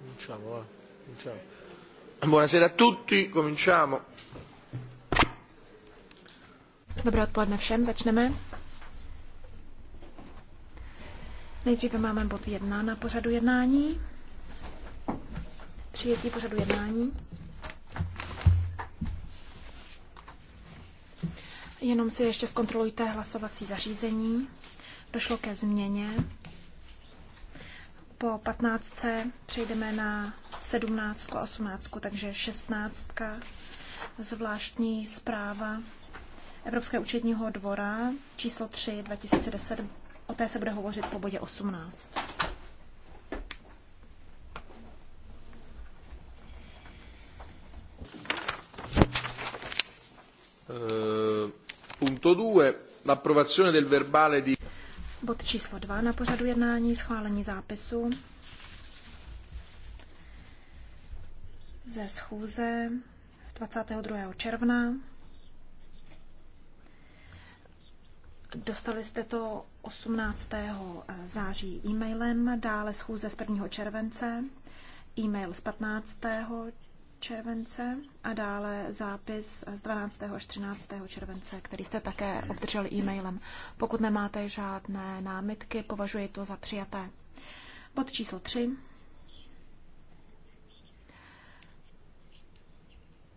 Cominciamo, va. Cominciamo. Buonasera a tutti, cominciamo. Dobré odpoledne všem, začneme. Nejdříve máme bod 1 na pořadu jednání. Přijetí pořadu jednání. Jenom si ještě zkontrolujte hlasovací zařízení. Došlo ke změně. Po 15 přejdeme na 17 a 18, takže 16. Zvláštní zpráva Evropského účetního dvora číslo 3 2010. O té se bude hovořit po bodě 18. Eh, punto 2 l'approvazione del verbale di Bod číslo 2 na pořadu jednání, schválení zápisu ze schůze z 22. června. Dostali jste to 18. září e-mailem, dále schůze z 1. července, e-mail z 15 července a dále zápis z 12. až 13. července, který jste také obdrželi e-mailem. Pokud nemáte žádné námitky, považuji to za přijaté. Bod číslo 3.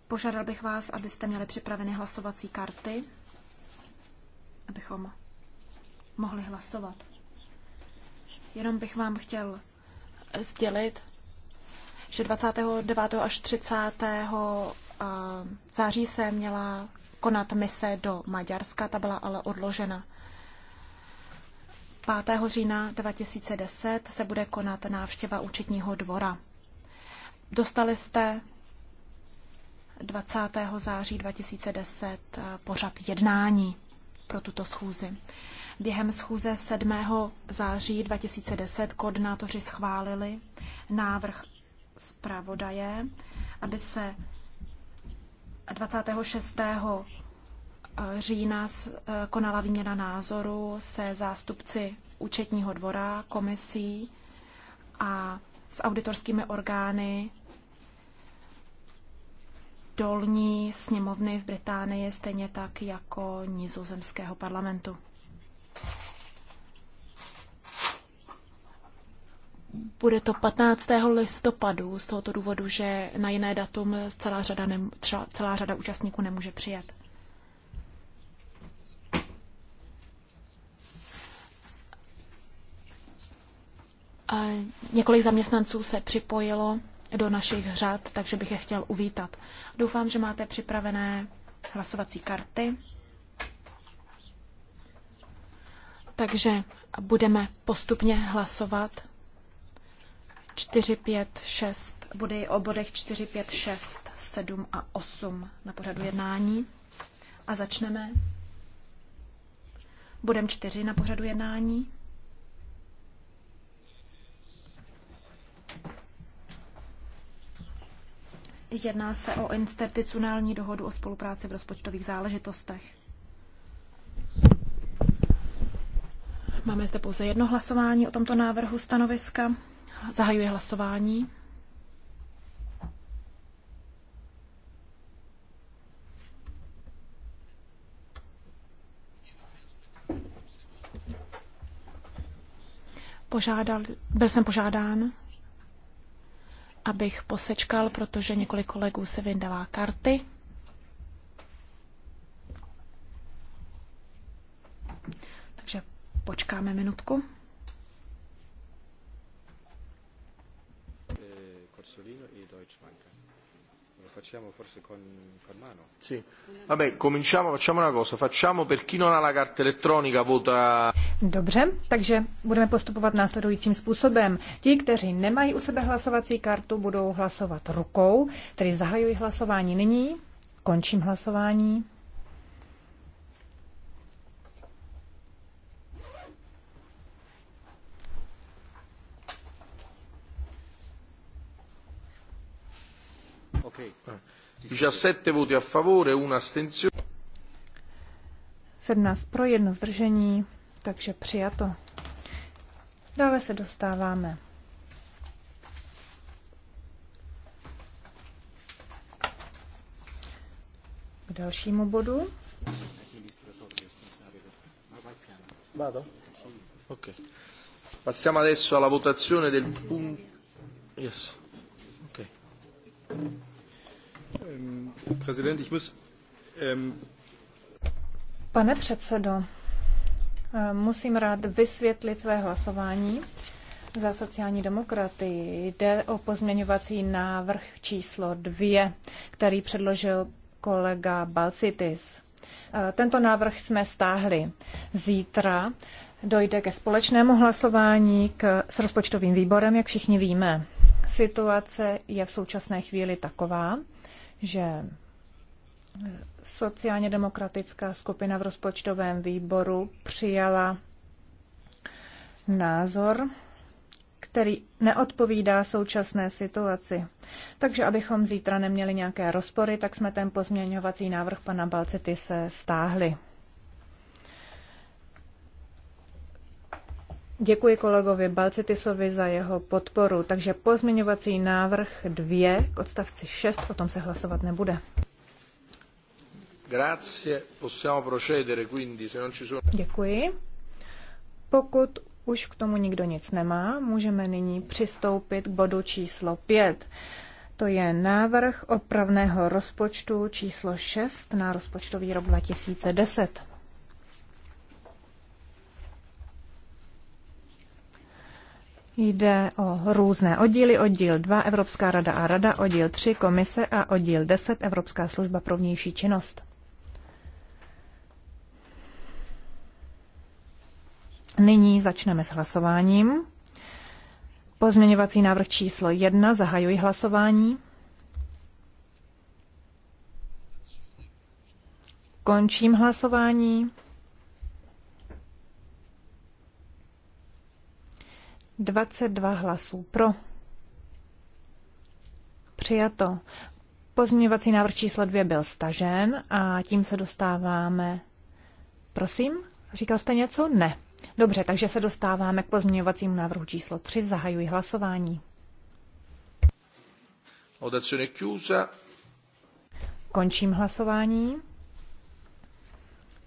Požádal bych vás, abyste měli připraveny hlasovací karty, abychom mohli hlasovat. Jenom bych vám chtěl sdělit, že 29. až 30. Eh, září se měla konat mise do Maďarska, ta byla ale odložena. 5. října 2010 se bude konat návštěva účetního dvora. Dostali jste 20. září 2010 eh, pořad jednání pro tuto schůzi. Během schůze 7. září 2010 koordinátoři schválili návrh zpravodaje, aby se 26. Eh, října eh, konala výměna názoru se zástupci účetního dvora, komisí a s auditorskými orgány dolní sněmovny v Británii, stejně tak jako nizozemského parlamentu. Bude to 15. listopadu z tohoto důvodu, že na jiné datum celá řada, ne, celá řada účastníků nemůže přijet. A několik zaměstnanců se připojilo do našich řad, takže bych je chtěl uvítat. Doufám, že máte připravené hlasovací karty. Takže budeme postupně hlasovat 4, 5, 6, body o bodech 4, 5, 6, 7 a 8 na pořadu jednání. A začneme bodem 4 na pořadu jednání. Jedná se o institucionální dohodu o spolupráci v rozpočtových záležitostech. Máme zde pouze jedno hlasování o tomto návrhu stanoviska. Zahajuji hlasování. Požádal, byl jsem požádán, abych posečkal, protože několik kolegů se vyndává karty. Takže počkáme minutku. facciamo forse con, con mano. Sì. Vabbè, cominciamo, facciamo una cosa. Facciamo per chi non ha la carta elettronica vota... Dobře, takže budeme postupovat následujícím způsobem. Ti, kteří nemají u sebe hlasovací kartu, budou hlasovat rukou, tedy zahajuji hlasování nyní, končím hlasování. 17 voti a favore, una astensione. 17 pro, jedno zdržení, takže přijato. Dále se dostáváme k dalšímu bodu. Vado? Ok. Passiamo adesso alla votazione del punto. Yes. Okay. Ähm, Pane předsedo, eh, musím rád vysvětlit své hlasování za sociální demokraty. Jde o pozměňovací návrh číslo dvě, který předložil kolega Balcitis. Eh, tento návrh jsme stáhli. Zítra dojde ke společnému hlasování k, s rozpočtovým výborem, jak všichni víme. Situace je v současné chvíli taková, že sociálně demokratická skupina v rozpočtovém výboru přijala názor, který neodpovídá současné situaci. Takže abychom zítra neměli nějaké rozpory, tak jsme ten pozměňovací návrh pana Balcety se stáhli. Děkuji kolegovi Balcetisovi za jeho podporu. Takže pozměňovací návrh 2 k odstavci 6, o tom se hlasovat nebude. Děkuji. Pokud už k tomu nikdo nic nemá, můžeme nyní přistoupit k bodu číslo 5. To je návrh opravného rozpočtu číslo 6 na rozpočtový rok 2010. Jde o různé oddíly. Oddíl 2 Evropská rada a rada, oddíl 3 komise a oddíl 10 Evropská služba pro vnější činnost. Nyní začneme s hlasováním. Pozměňovací návrh číslo 1. Zahajuji hlasování. Končím hlasování. 22 hlasů pro. Přijato. Pozměňovací návrh číslo 2 byl stažen a tím se dostáváme. Prosím, říkal jste něco? Ne. Dobře, takže se dostáváme k pozměňovacímu návrhu číslo 3. Zahajuji hlasování. Končím hlasování.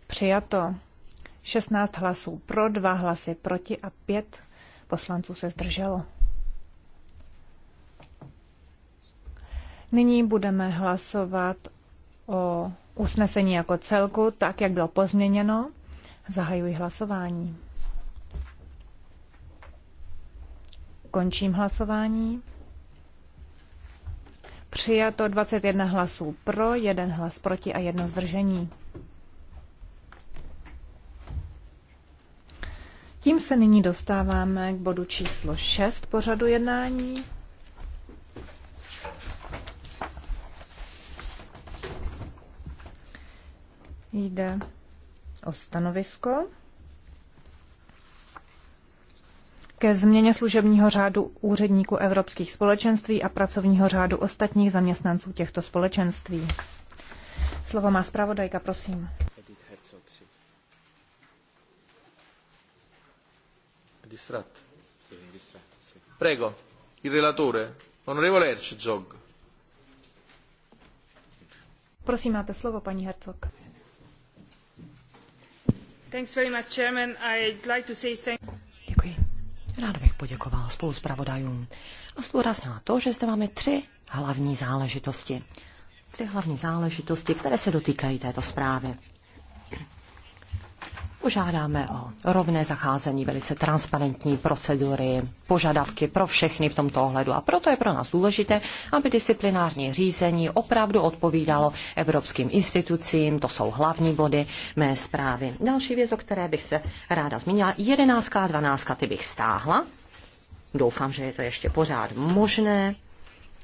Přijato. 16 hlasů pro, 2 hlasy proti a 5 poslanců se zdrželo. Nyní budeme hlasovat o usnesení jako celku, tak jak bylo pozměněno. Zahajuji hlasování. Končím hlasování. Přijato 21 hlasů pro, 1 hlas proti a jedno zdržení. Tím se nyní dostáváme k bodu číslo 6 pořadu jednání. Jde o stanovisko ke změně služebního řádu úředníků evropských společenství a pracovního řádu ostatních zaměstnanců těchto společenství. Slovo má zpravodajka, prosím. distratto. Prego, il relatore, onorevole Herzog. Prosím, máte slovo, paní Herzog. Thanks very much, Chairman. I'd like to say thank... Děkuji. Ráda bych poděkovala spolu zpravodajům a zdůraznila to, že zde máme tři hlavní záležitosti. Tři hlavní záležitosti, které se dotýkají této zprávy. Požádáme o rovné zacházení, velice transparentní procedury, požadavky pro všechny v tomto ohledu. A proto je pro nás důležité, aby disciplinární řízení opravdu odpovídalo evropským institucím. To jsou hlavní body mé zprávy. Další věc, o které bych se ráda zmínila, 11. a 12. ty bych stáhla. Doufám, že je to ještě pořád možné.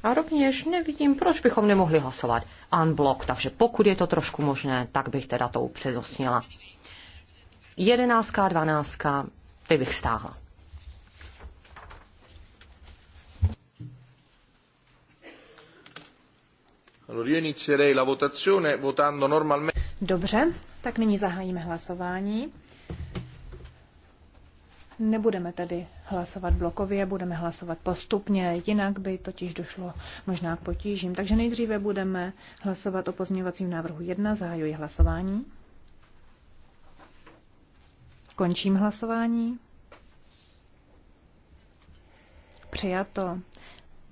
A rovněž nevidím, proč bychom nemohli hlasovat unblock, takže pokud je to trošku možné, tak bych teda to upřednostnila. Jedenáctka a dvanáctka, ty bych stáhla. Dobře, tak nyní zahájíme hlasování. Nebudeme tedy hlasovat blokově, budeme hlasovat postupně, jinak by totiž došlo možná k potížím. Takže nejdříve budeme hlasovat o pozměňovacím návrhu 1, zahajuji hlasování. Končím hlasování. Přijato.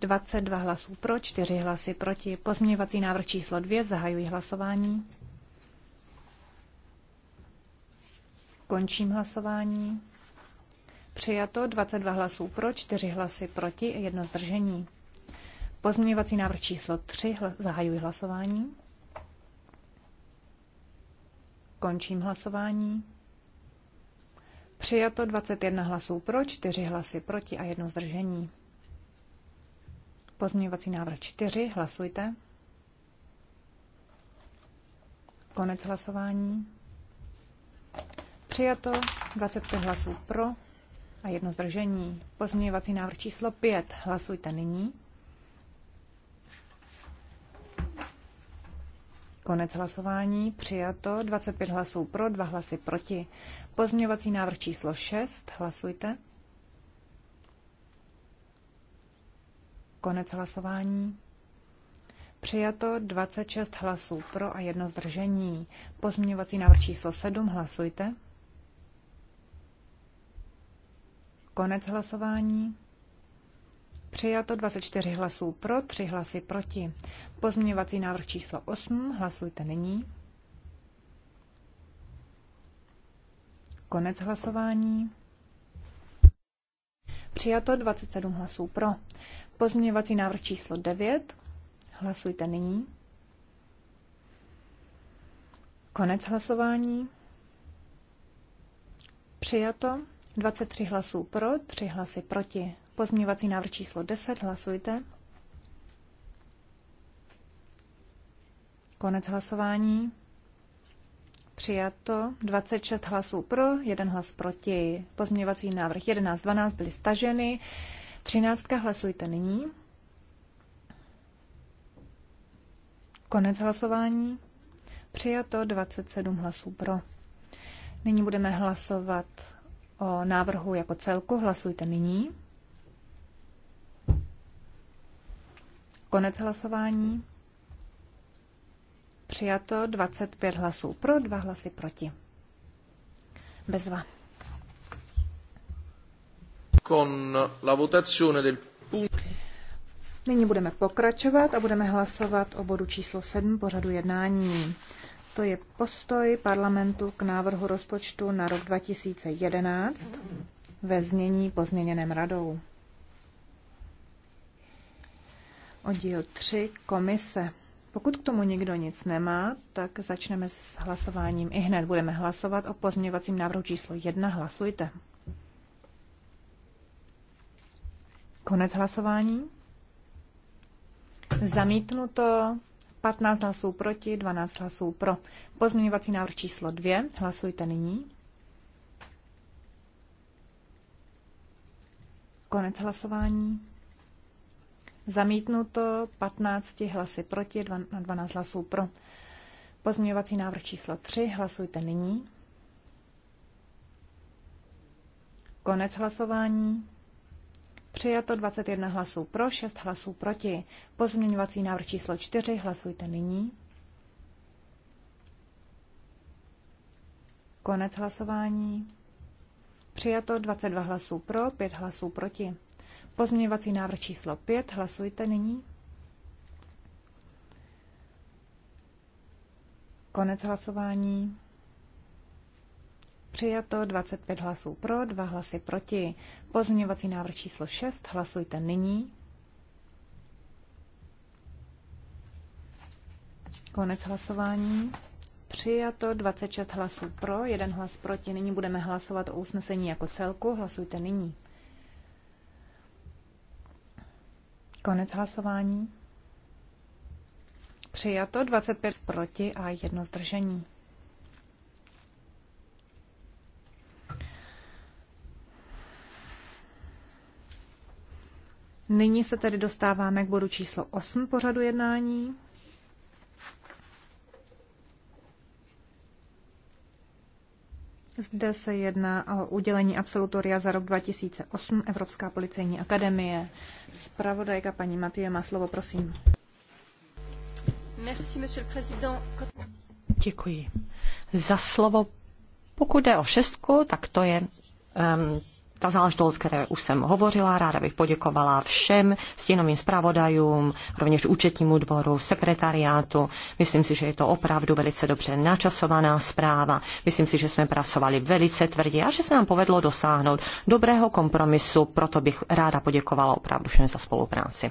22 hlasů pro, 4 hlasy proti. Pozměňovací návrh číslo 2. Zahajuji hlasování. Končím hlasování. Přijato 22 hlasů pro, 4 hlasy proti jedno zdržení. Pozměňovací návrh číslo 3. zahajuji hlasování. Končím hlasování. Přijato 21 hlasů pro, 4 hlasy proti a jedno zdržení. Pozměňovací návrh 4, hlasujte. Konec hlasování. Přijato 25 hlasů pro a jedno zdržení. Pozměňovací návrh číslo 5, hlasujte nyní. Konec hlasování. Přijato. 25 hlasů pro, 2 hlasy proti. Pozměňovací návrh číslo 6. Hlasujte. Konec hlasování. Přijato 26 hlasů pro a jedno zdržení. Pozměňovací návrh číslo 7. Hlasujte. Konec hlasování. Přijato 24 hlasů pro, 3 hlasy proti. Pozměňovací návrh číslo 8. Hlasujte nyní. Konec hlasování. Přijato 27 hlasů pro. Pozměňovací návrh číslo 9. Hlasujte nyní. Konec hlasování. Přijato 23 hlasů pro, 3 hlasy proti. Pozměňovací návrh číslo 10, hlasujte. Konec hlasování. Přijato 26 hlasů pro, 1 hlas proti. Pozměňovací návrh 11, 12 byly staženy. 13 hlasujte nyní. Konec hlasování. Přijato 27 hlasů pro. Nyní budeme hlasovat o návrhu jako celku. Hlasujte nyní. Konec hlasování. Přijato 25 hlasů pro, 2 hlasy proti. Bezva. Con la votazione del Nyní budeme pokračovat a budeme hlasovat o bodu číslo 7 pořadu jednání. To je postoj parlamentu k návrhu rozpočtu na rok 2011 ve znění pozměněném radou. oddíl 3 komise. Pokud k tomu nikdo nic nemá, tak začneme s hlasováním. I hned budeme hlasovat o pozměňovacím návrhu číslo 1. Hlasujte. Konec hlasování. Zamítnuto 15 hlasů proti, 12 hlasů pro. Pozměňovací návrh číslo 2. Hlasujte nyní. Konec hlasování. Zamítnuto 15 hlasy proti, 12 hlasů pro. Pozměňovací návrh číslo 3. Hlasujte nyní. Konec hlasování. Přijato 21 hlasů pro, 6 hlasů proti. Pozměňovací návrh číslo 4. Hlasujte nyní. Konec hlasování. Přijato 22 hlasů pro, 5 hlasů proti. Pozměňovací návrh číslo 5. Hlasujte nyní. Konec hlasování. Přijato 25 hlasů pro, 2 hlasy proti. Pozměňovací návrh číslo 6. Hlasujte nyní. Konec hlasování. Přijato 26 hlasů pro, 1 hlas proti. Nyní budeme hlasovat o usnesení jako celku. Hlasujte nyní. Konec hlasování. Přijato 25 proti a jedno zdržení. Nyní se tedy dostáváme k bodu číslo 8 pořadu jednání. Zde se jedná o udělení absolutoria za rok 2008 Evropská policejní akademie. Spravodajka paní Matie má slovo, prosím. Merci, Děkuji. Za slovo, pokud jde o šestku, tak to je um, ta záležitost, které už jsem hovořila, ráda bych poděkovala všem stěnovým zpravodajům, rovněž účetnímu dvoru, sekretariátu. Myslím si, že je to opravdu velice dobře načasovaná zpráva. Myslím si, že jsme pracovali velice tvrdě a že se nám povedlo dosáhnout dobrého kompromisu, proto bych ráda poděkovala opravdu všem za spolupráci.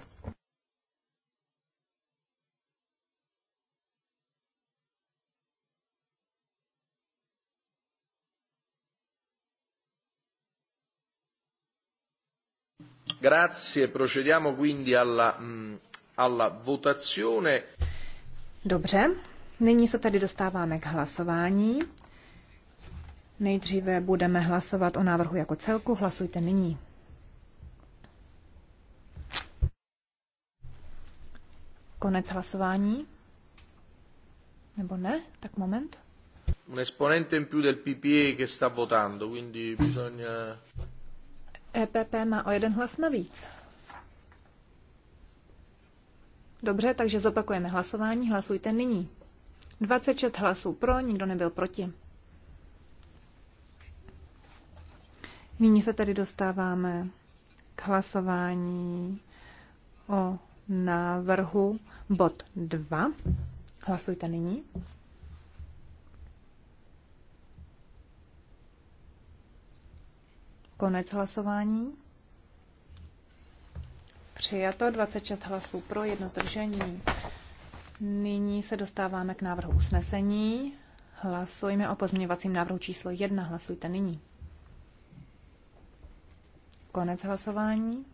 Grazie, procediamo quindi alla, mm, alla votazione. Dobře, nyní se tady dostáváme k hlasování. Nejdříve budeme hlasovat o návrhu jako celku. Hlasujte nyní. Konec hlasování. Nebo ne? Tak moment. Un esponente in più del PPE che sta votando, quindi bisogna... EPP má o jeden hlas navíc. Dobře, takže zopakujeme hlasování. Hlasujte nyní. 26 hlasů pro, nikdo nebyl proti. Nyní se tedy dostáváme k hlasování o návrhu bod 2. Hlasujte nyní. Konec hlasování. Přijato 26 hlasů pro jedno zdržení. Nyní se dostáváme k návrhu usnesení. Hlasujeme o pozměňovacím návrhu číslo 1. Hlasujte nyní. Konec hlasování.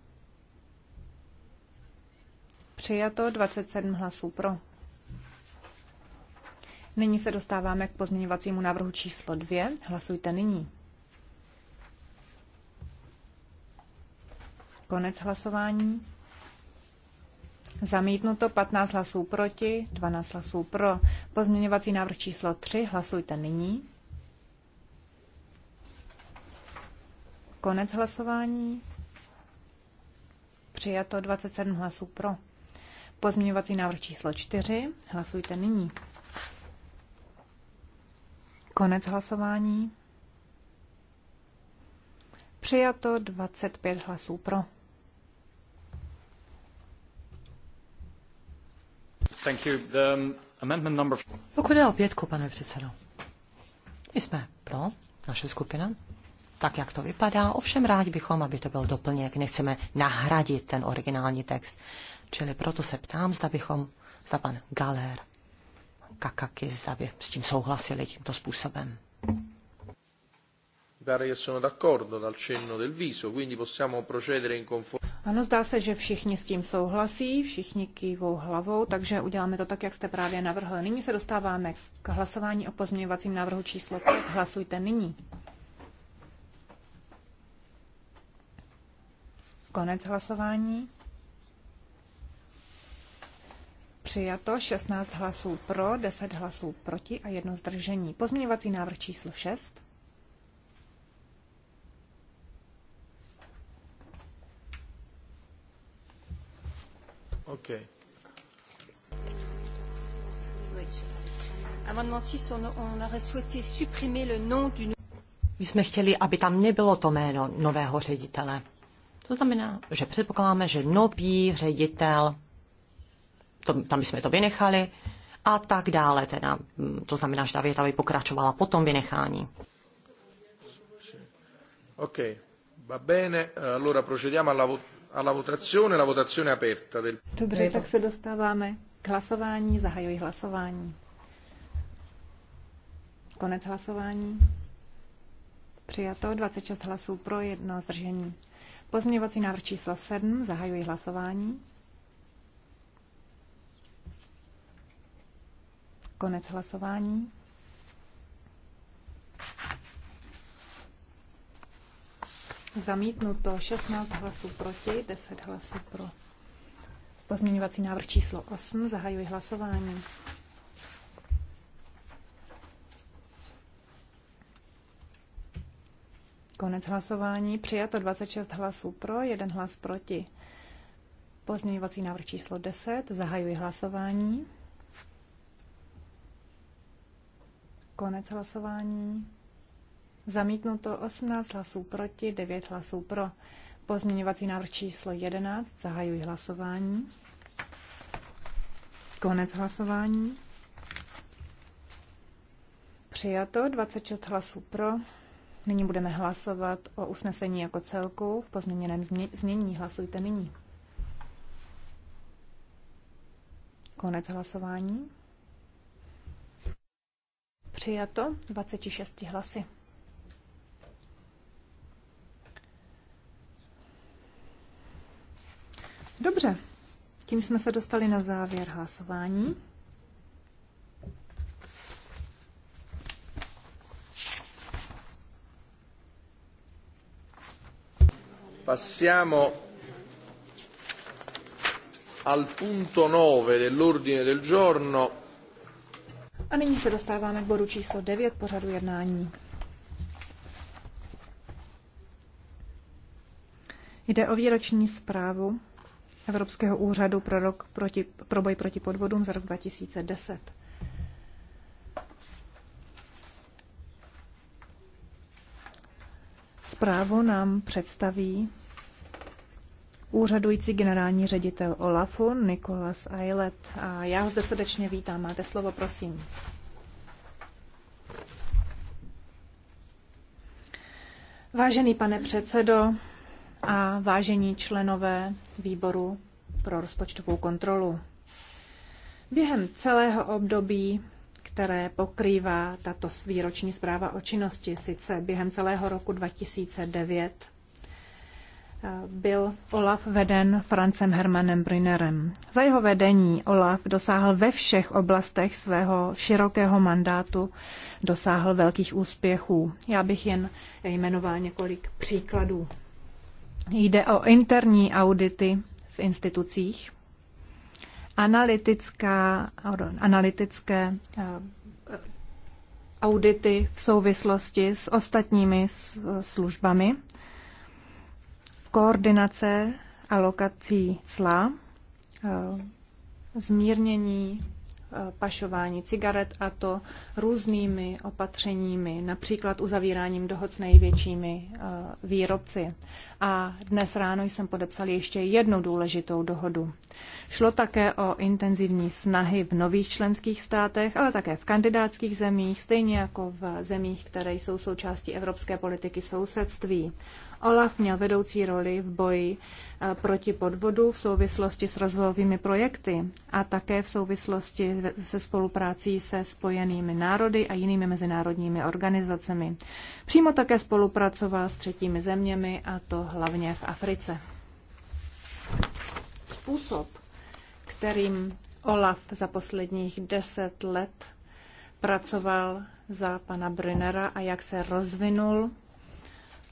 Přijato 27 hlasů pro. Nyní se dostáváme k pozměňovacímu návrhu číslo 2. Hlasujte nyní. Konec hlasování. Zamítnuto 15 hlasů proti, 12 hlasů pro. Pozměňovací návrh číslo 3. Hlasujte nyní. Konec hlasování. Přijato 27 hlasů pro. Pozměňovací návrh číslo 4. Hlasujte nyní. Konec hlasování. Přijato 25 hlasů pro. Thank um, amendment number... Pokud je o pětku, pane předsedo, my jsme pro, naše skupina, tak, jak to vypadá. Ovšem rádi bychom, aby to byl doplněk, nechceme nahradit ten originální text. Čili proto se ptám, zda bychom, zda pan Galer, Kakaky, zda by s tím souhlasili tímto způsobem. Pare che sono d'accordo dal cenno del viso, quindi possiamo procedere in conformità. Ano, zdá se, že všichni s tím souhlasí, všichni kývou hlavou, takže uděláme to tak, jak jste právě navrhl. Nyní se dostáváme k hlasování o pozměňovacím návrhu číslo 5. Hlasujte nyní. Konec hlasování. Přijato 16 hlasů pro, 10 hlasů proti a jedno zdržení. Pozměňovací návrh číslo 6. Okay. My jsme chtěli, aby tam nebylo to jméno nového ředitele. To znamená, že předpokládáme, že nový ředitel, to, tam bychom to vynechali, a tak dále. Teda, mm, to znamená, že ta věta by pokračovala po tom vynechání. OK. Va bene, eh, allora procediamo alla votazione alla votazione, la votazione aperta. Del... Dobře, tak se dostáváme k hlasování, zahajuji hlasování. Konec hlasování. Přijato 26 hlasů pro jedno zdržení. Pozměňovací návrh číslo 7, zahajuji hlasování. Konec hlasování. Zamítnuto 16 hlasů proti, 10 hlasů pro. Pozměňovací návrh číslo 8. Zahajuji hlasování. Konec hlasování. Přijato 26 hlasů pro, 1 hlas proti. Pozměňovací návrh číslo 10. Zahajuji hlasování. Konec hlasování. Zamítnuto 18 hlasů proti, 9 hlasů pro. Pozměňovací návrh číslo 11. Zahajuji hlasování. Konec hlasování. Přijato 26 hlasů pro. Nyní budeme hlasovat o usnesení jako celku v pozměněném znění. Hlasujte nyní. Konec hlasování. Přijato 26 hlasy. Dobře, tím jsme se dostali na závěr hlasování. Passiamo al punto 9 dell'ordine del giorno. A nyní se dostáváme k bodu číslo 9 pořadu jednání. Jde o výroční zprávu Evropského úřadu pro, rok proti, pro boj proti podvodům za rok 2010. Zprávu nám představí úřadující generální ředitel OLAFu Nikolas Ailet. A já ho zde srdečně vítám. Máte slovo, prosím. Vážený pane předsedo, a vážení členové výboru pro rozpočtovou kontrolu. Během celého období, které pokrývá tato výroční zpráva o činnosti, sice během celého roku 2009, byl Olaf veden Francem Hermanem Brünnerem. Za jeho vedení Olaf dosáhl ve všech oblastech svého širokého mandátu, dosáhl velkých úspěchů. Já bych jen jmenoval několik příkladů. Jde o interní audity v institucích, analytická, analytické eh, audity v souvislosti s ostatními službami, koordinace alokací cla, eh, zmírnění Eh, pašování cigaret a to různými opatřeními, například uzavíráním dohod s největšími eh, výrobci. A dnes ráno jsem podepsal ještě jednu důležitou dohodu. Šlo také o intenzivní snahy v nových členských státech, ale také v kandidátských zemích, stejně jako v zemích, které jsou součástí evropské politiky sousedství. Olaf měl vedoucí roli v boji eh, proti podvodu v souvislosti s rozvojovými projekty a také v souvislosti se spoluprácí se spojenými národy a jinými mezinárodními organizacemi. Přímo také spolupracoval s třetími zeměmi a to hlavně v Africe. Způsob, kterým Olaf za posledních deset let pracoval za pana Brunera a jak se rozvinul,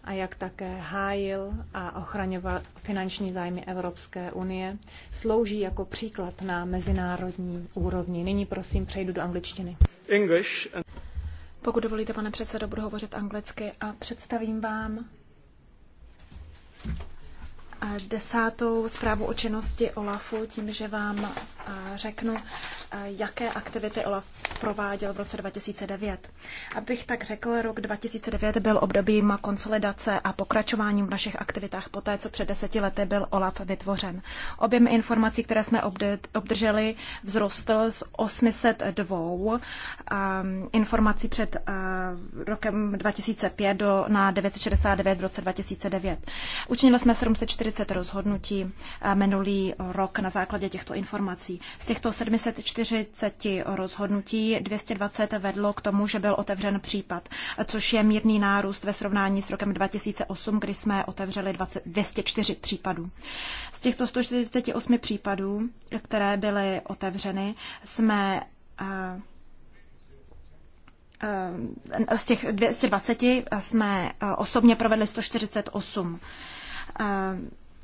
a jak také hájil a ochraňoval finanční zájmy Evropské unie, slouží jako příklad na mezinárodní úrovni. Nyní prosím přejdu do angličtiny. English. Pokud dovolíte, pane předsedo, budu hovořit anglicky a představím vám eh, desátou zprávu o činnosti OLAFu tím, že vám řeknu, eh, jaké aktivity OLAF prováděl v roce 2009. Abych tak řekl, rok 2009 byl obdobím konsolidace a pokračováním v našich aktivitách poté, co před deseti lety byl OLAF vytvořen. Objem informací, které jsme obdrželi, vzrostl z 802 ehm, informací před eh, rokem 2005 do, na 969 v roce 2009. Učinili jsme 740 rozhodnutí eh, minulý rok na základě těchto informací. Z těchto 740 rozhodnutí 220 vedlo k tomu, že byl otevřen případ, což je mírný nárůst ve srovnání s rokem 2008, kdy jsme otevřeli 20, 204 případů. Z těchto 148 případů, které byly otevřeny, jsme eh, eh, z těch 220 jsme eh, osobně provedli 148.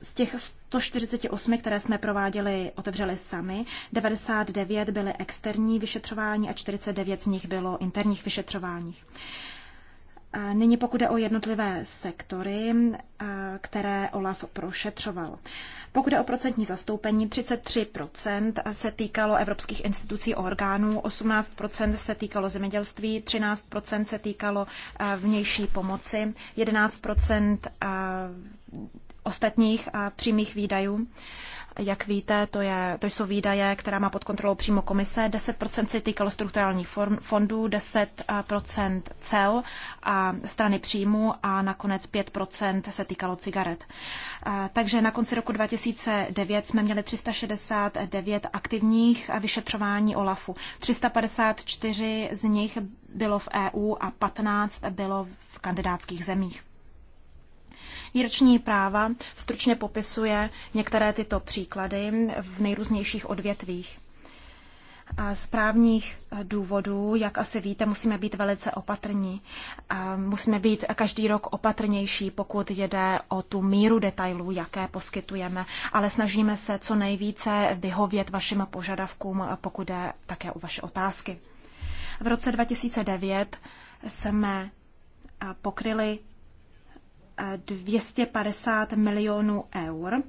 Z těch 148, které jsme prováděli, otevřeli sami, 99 byly externí vyšetřování a 49 z nich bylo interních vyšetřování. Nyní pokud jde o jednotlivé sektory, které OLAF prošetřoval. Pokud jde o procentní zastoupení, 33% se týkalo evropských institucí a orgánů, 18% se týkalo zemědělství, 13% se týkalo vnější pomoci, 11% ostatních přímých výdajů. Jak víte, to, je, to jsou výdaje, která má pod kontrolou přímo komise. 10% se týkalo strukturálních fondů, 10% cel a strany příjmu a nakonec 5% se týkalo cigaret. Takže na konci roku 2009 jsme měli 369 aktivních vyšetřování OLAFu. 354 z nich bylo v EU a 15 bylo v kandidátských zemích. Výroční práva stručně popisuje některé tyto příklady v nejrůznějších odvětvích. A z právních eh, důvodů, jak asi víte, musíme být velice opatrní. A musíme být každý rok opatrnější, pokud jde o tu míru detailů, jaké poskytujeme, ale snažíme se co nejvíce vyhovět vašim požadavkům, eh, pokud jde také o vaše otázky. V roce 2009 jsme eh, pokryli 250 milionů eur,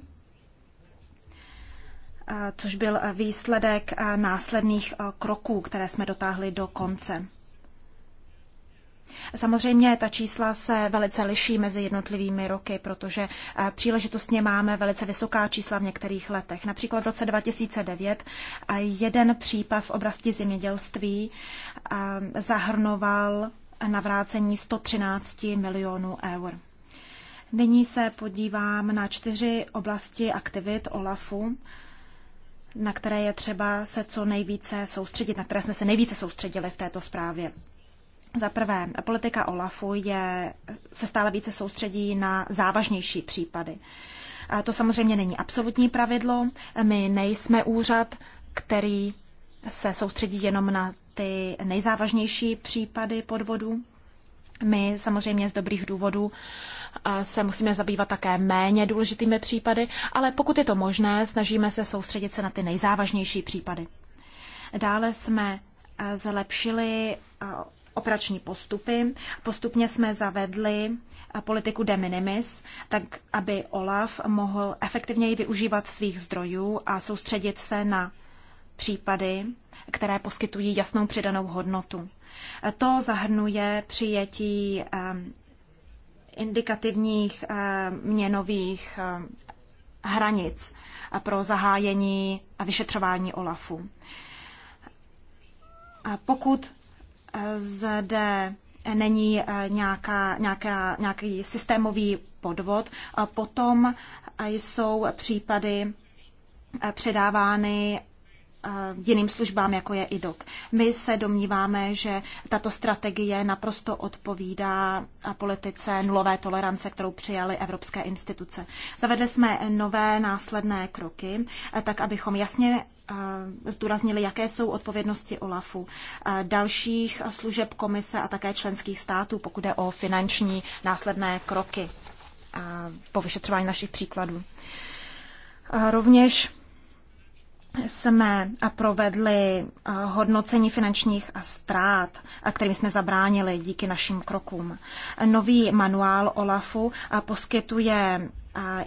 eh, což byl výsledek eh, následných eh, kroků, které jsme dotáhli do konce. Samozřejmě ta čísla se velice liší mezi jednotlivými roky, protože příležitostně máme velice vysoká čísla v některých letech. Například v roce 2009 jeden případ v oblasti zemědělství zahrnoval navrácení 113 milionů eur. Nyní se podívám na čtyři oblasti aktivit OLAFu, na které je třeba se co nejvíce soustředit, na které jsme se nejvíce soustředili v této zprávě. Za prvé, politika OLAFu je, se stále více soustředí na závažnější případy. A to samozřejmě není absolutní pravidlo. My nejsme úřad, který se soustředí jenom na ty nejzávažnější případy podvodu. My samozřejmě z dobrých důvodů se musíme zabývat také méně důležitými případy, ale pokud je to možné, snažíme se soustředit se na ty nejzávažnější případy. Dále jsme eh, zlepšili eh, operační postupy. Postupně jsme zavedli eh, politiku de minimis, tak aby OLAF mohl efektivněji využívat svých zdrojů a soustředit se na případy, které poskytují jasnou přidanou hodnotu. To zahrnuje přijetí indikativních eh, měnových eh, hranic pro zahájení a vyšetřování OLAFu. A pokud eh, zde není nějaká, nějaká, nějaký systémový podvod, potom jsou případy předávány jiným službám, jako je IDOC. My se domníváme, že tato strategie naprosto odpovídá politice nulové tolerance, kterou přijaly evropské instituce. Zavedli jsme nové následné kroky, tak abychom jasně zdůraznili, jaké jsou odpovědnosti OLAFu, dalších služeb komise a také členských států, pokud je o finanční následné kroky po vyšetřování našich příkladů. Rovněž jsme provedli eh, hodnocení finančních a ztrát, eh, kterým jsme zabránili díky našim krokům. Nový manuál OLAFu eh, poskytuje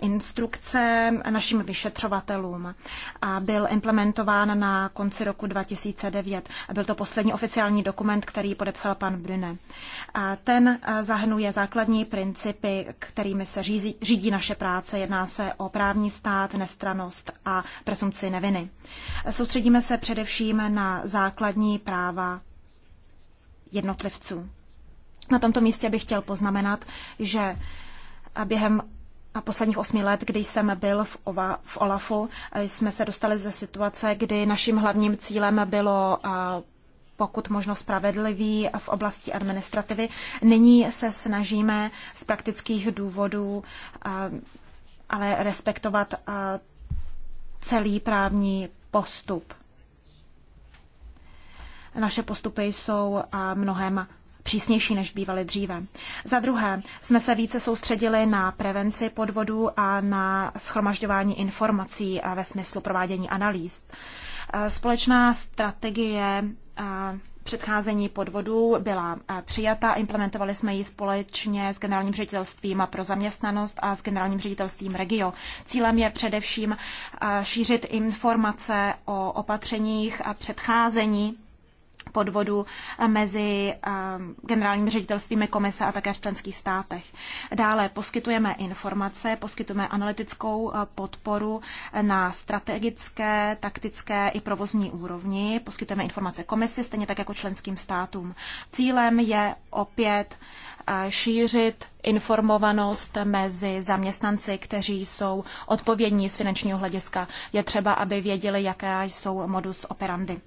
instrukce našim vyšetřovatelům. a Byl implementován na konci roku 2009. Byl to poslední oficiální dokument, který podepsal pan Brune. Ten eh, zahrnuje základní principy, kterými se řízí, řídí naše práce. Jedná se o právní stát, nestranost a presumci neviny. Soustředíme se především na základní práva jednotlivců. Na tomto místě bych chtěl poznamenat, že během a posledních osmi let, kdy jsem byl v, OVA, v OLAFu, eh, jsme se dostali ze situace, kdy naším hlavním cílem bylo eh, pokud možno spravedlivý v oblasti administrativy. Nyní se snažíme z praktických důvodů eh, ale respektovat celý právní postup. Naše postupy jsou mnohem přísnější, než bývaly dříve. Za druhé, jsme se více soustředili na prevenci podvodů a na schromažďování informací ve smyslu provádění analýz. Eh, společná strategie eh, předcházení podvodů byla eh, přijata. Implementovali jsme ji společně s generálním ředitelstvím pro zaměstnanost a s generálním ředitelstvím Regio. Cílem je především šířit informace o opatřeních a předcházení podvodu eh, mezi eh, generálním ředitelstvími komise a také v členských státech. Dále poskytujeme informace, poskytujeme analytickou eh, podporu na strategické, taktické i provozní úrovni, poskytujeme informace komisi, stejně tak jako členským státům. Cílem je opět šířit informovanost mezi zaměstnanci, kteří jsou odpovědní z finančního hlediska. Je třeba, aby věděli, jaké jsou modus operandi.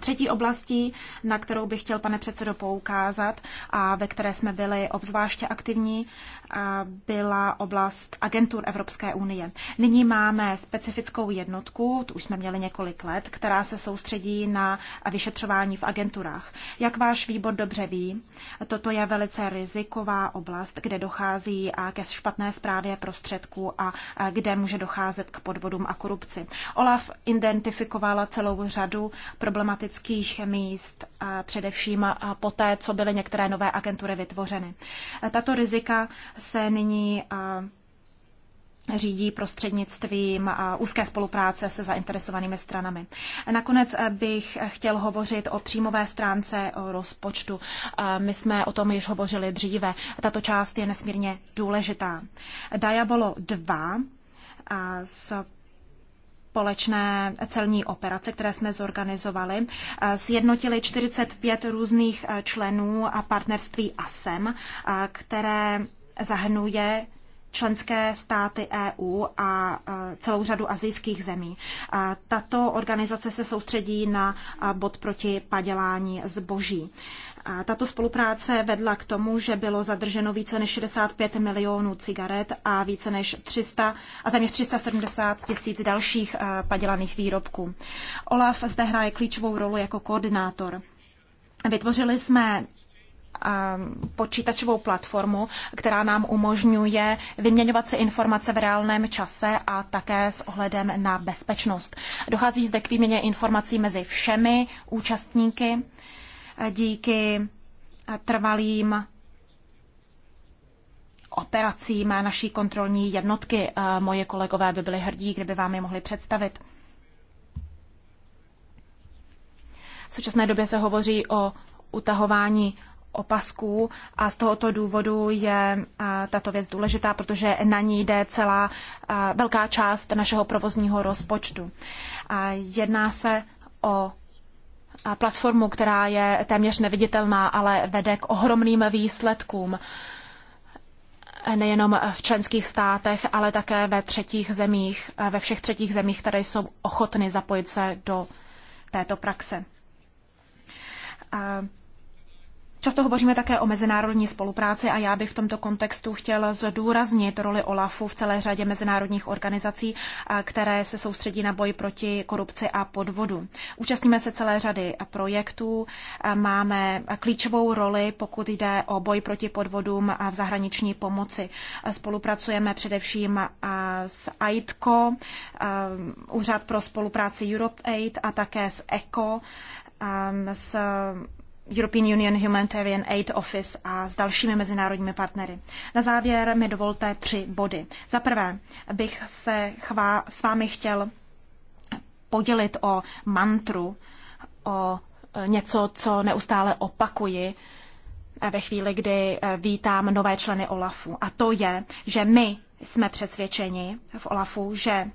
Třetí oblastí, na kterou bych chtěl, pane předsedo, poukázat a ve které jsme byli obzvláště aktivní, byla oblast agentur Evropské unie. Nyní máme specifickou jednotku, tu už jsme měli několik let, která se soustředí na vyšetřování v agenturách. Jak váš výbor dobře ví, toto je velice riziková oblast, kde dochází ke špatné zprávě prostředků a kde může docházet k podvodům a korupci. Olaf identifikovala celou řadu problematických míst, především poté, co byly některé nové agentury vytvořeny. Tato rizika se nyní řídí prostřednictvím úzké spolupráce se zainteresovanými stranami. Nakonec e, bych chtěl hovořit o příjmové stránce o rozpočtu. E, my jsme o tom již hovořili dříve. Tato část je nesmírně důležitá. Diabolo 2 s společné celní operace, které jsme zorganizovali, e, sjednotili 45 různých členů a partnerství ASEM, které zahrnuje členské státy EU a e, celou řadu azijských zemí. Tato organizace se soustředí na bod proti padělání zboží. Tato spolupráce vedla k tomu, že bylo zadrženo více než 65 milionů cigaret a více než 300 a téměř 370 tisíc dalších e, padělaných výrobků. Olaf zde hraje klíčovou roli jako koordinátor. Vytvořili jsme Um, počítačovou platformu, která nám umožňuje vyměňovat si informace v reálném čase a také s ohledem na bezpečnost. Dochází zde k výměně informací mezi všemi účastníky díky eh, trvalým operacím naší kontrolní jednotky. Eh, moje kolegové by byli hrdí, kdyby vám je mohli představit. V současné době se hovoří o utahování opasků a z tohoto důvodu je tato věc důležitá, protože na ní jde celá velká část našeho provozního rozpočtu. Jedná se o platformu, která je téměř neviditelná, ale vede k ohromným výsledkům nejenom v členských státech, ale také ve třetích zemích, ve všech třetích zemích, které jsou ochotny zapojit se do této praxe. Často hovoříme také o mezinárodní spolupráci a já bych v tomto kontextu chtěl zdůraznit roli OLAFu v celé řadě mezinárodních organizací, které se soustředí na boj proti korupci a podvodu. Účastníme se celé řady projektů, máme klíčovou roli, pokud jde o boj proti podvodům a v zahraniční pomoci. Spolupracujeme především s AIDCO, Úřad pro spolupráci Europe Aid a také s ECO, s European Union Humanitarian Aid Office a s dalšími mezinárodními partnery. Na závěr mi dovolte tři body. Za prvé bych se chvá, s vámi chtěl podělit o mantru, o e, něco, co neustále opakuji e, ve chvíli, kdy e, vítám nové členy OLAFu. A to je, že my jsme přesvědčeni v OLAFu, že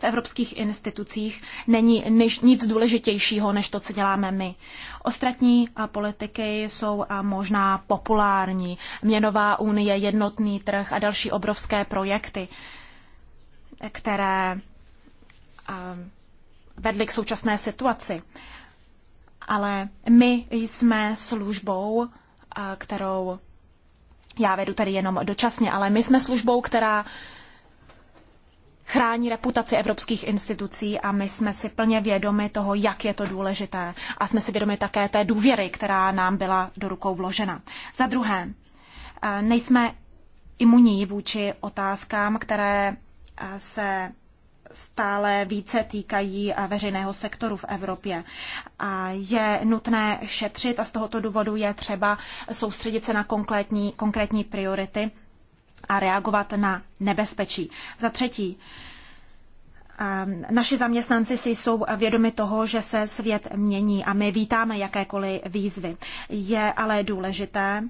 v evropských institucích není než, nic důležitějšího, než to, co děláme my. Ostatní politiky jsou možná populární. Měnová unie, jednotný trh a další obrovské projekty, které vedly k současné situaci. Ale my jsme službou, kterou já vedu tady jenom dočasně, ale my jsme službou, která chrání reputaci evropských institucí a my jsme si plně vědomi toho, jak je to důležité. A jsme si vědomi také té důvěry, která nám byla do rukou vložena. Za druhé, eh, nejsme imunní vůči otázkám, které eh, se stále více týkají eh, veřejného sektoru v Evropě. A je nutné šetřit a z tohoto důvodu je třeba soustředit se na konkrétní, konkrétní priority a reagovat na nebezpečí. Za třetí, naši zaměstnanci si jsou vědomi toho, že se svět mění a my vítáme jakékoliv výzvy. Je ale důležité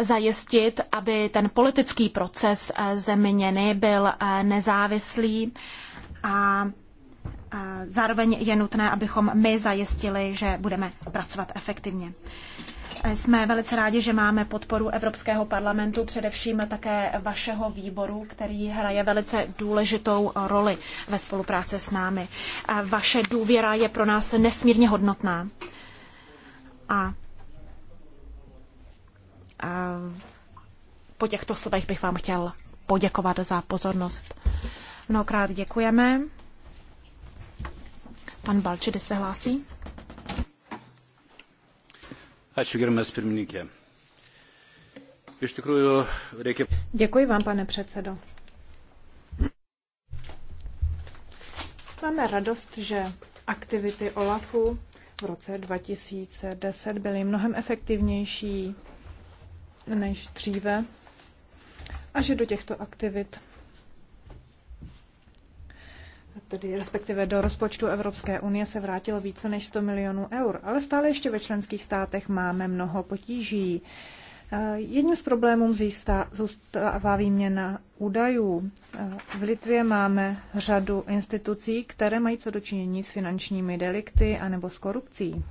zajistit, aby ten politický proces e, zeměny byl e, nezávislý a zároveň je nutné, abychom my zajistili, že budeme pracovat efektivně. Jsme velice rádi, že máme podporu Evropského parlamentu, především také vašeho výboru, který hraje velice důležitou roli ve spolupráci s námi. Vaše důvěra je pro nás nesmírně hodnotná. A, a po těchto slovech bych vám chtěl poděkovat za pozornost. Mnohokrát děkujeme. Pan Balčidy se hlásí. Děkuji vám, pane předsedo. Máme radost, že aktivity OLAFu v roce 2010 byly mnohem efektivnější než dříve a že do těchto aktivit tedy respektive do rozpočtu Evropské unie se vrátilo více než 100 milionů eur, ale stále ještě ve členských státech máme mnoho potíží. Eh, jedním z problémů zůstává výměna údajů. Eh, v Litvě máme řadu institucí, které mají co dočinění s finančními delikty anebo s korupcí.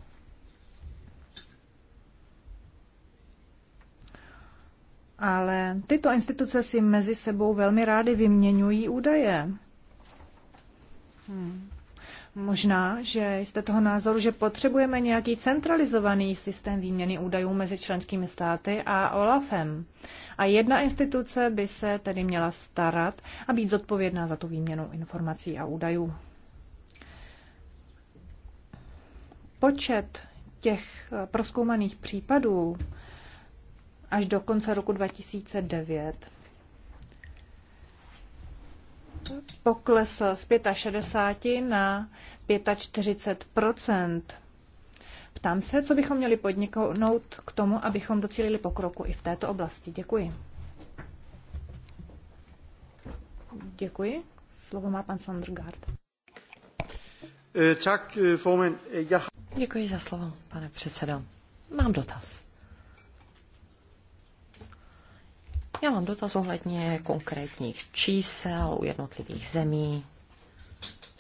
Ale tyto instituce si mezi sebou velmi rády vyměňují údaje. Hmm. Možná, že jste toho názoru, že potřebujeme nějaký centralizovaný systém výměny údajů mezi členskými státy a OLAFem. A jedna instituce by se tedy měla starat a být zodpovědná za tu výměnu informací a údajů. Počet těch eh, proskoumaných případů až do konce roku 2009 poklesl z 65 na 45 Ptám se, co bychom měli podniknout k tomu, abychom docílili pokroku i v této oblasti. Děkuji. Děkuji. Slovo má pan Sondergaard. Eh, eh, eh, Děkuji za slovo, pane předsedo. Mám dotaz. Já mám dotaz ohledně konkrétních čísel u jednotlivých zemí,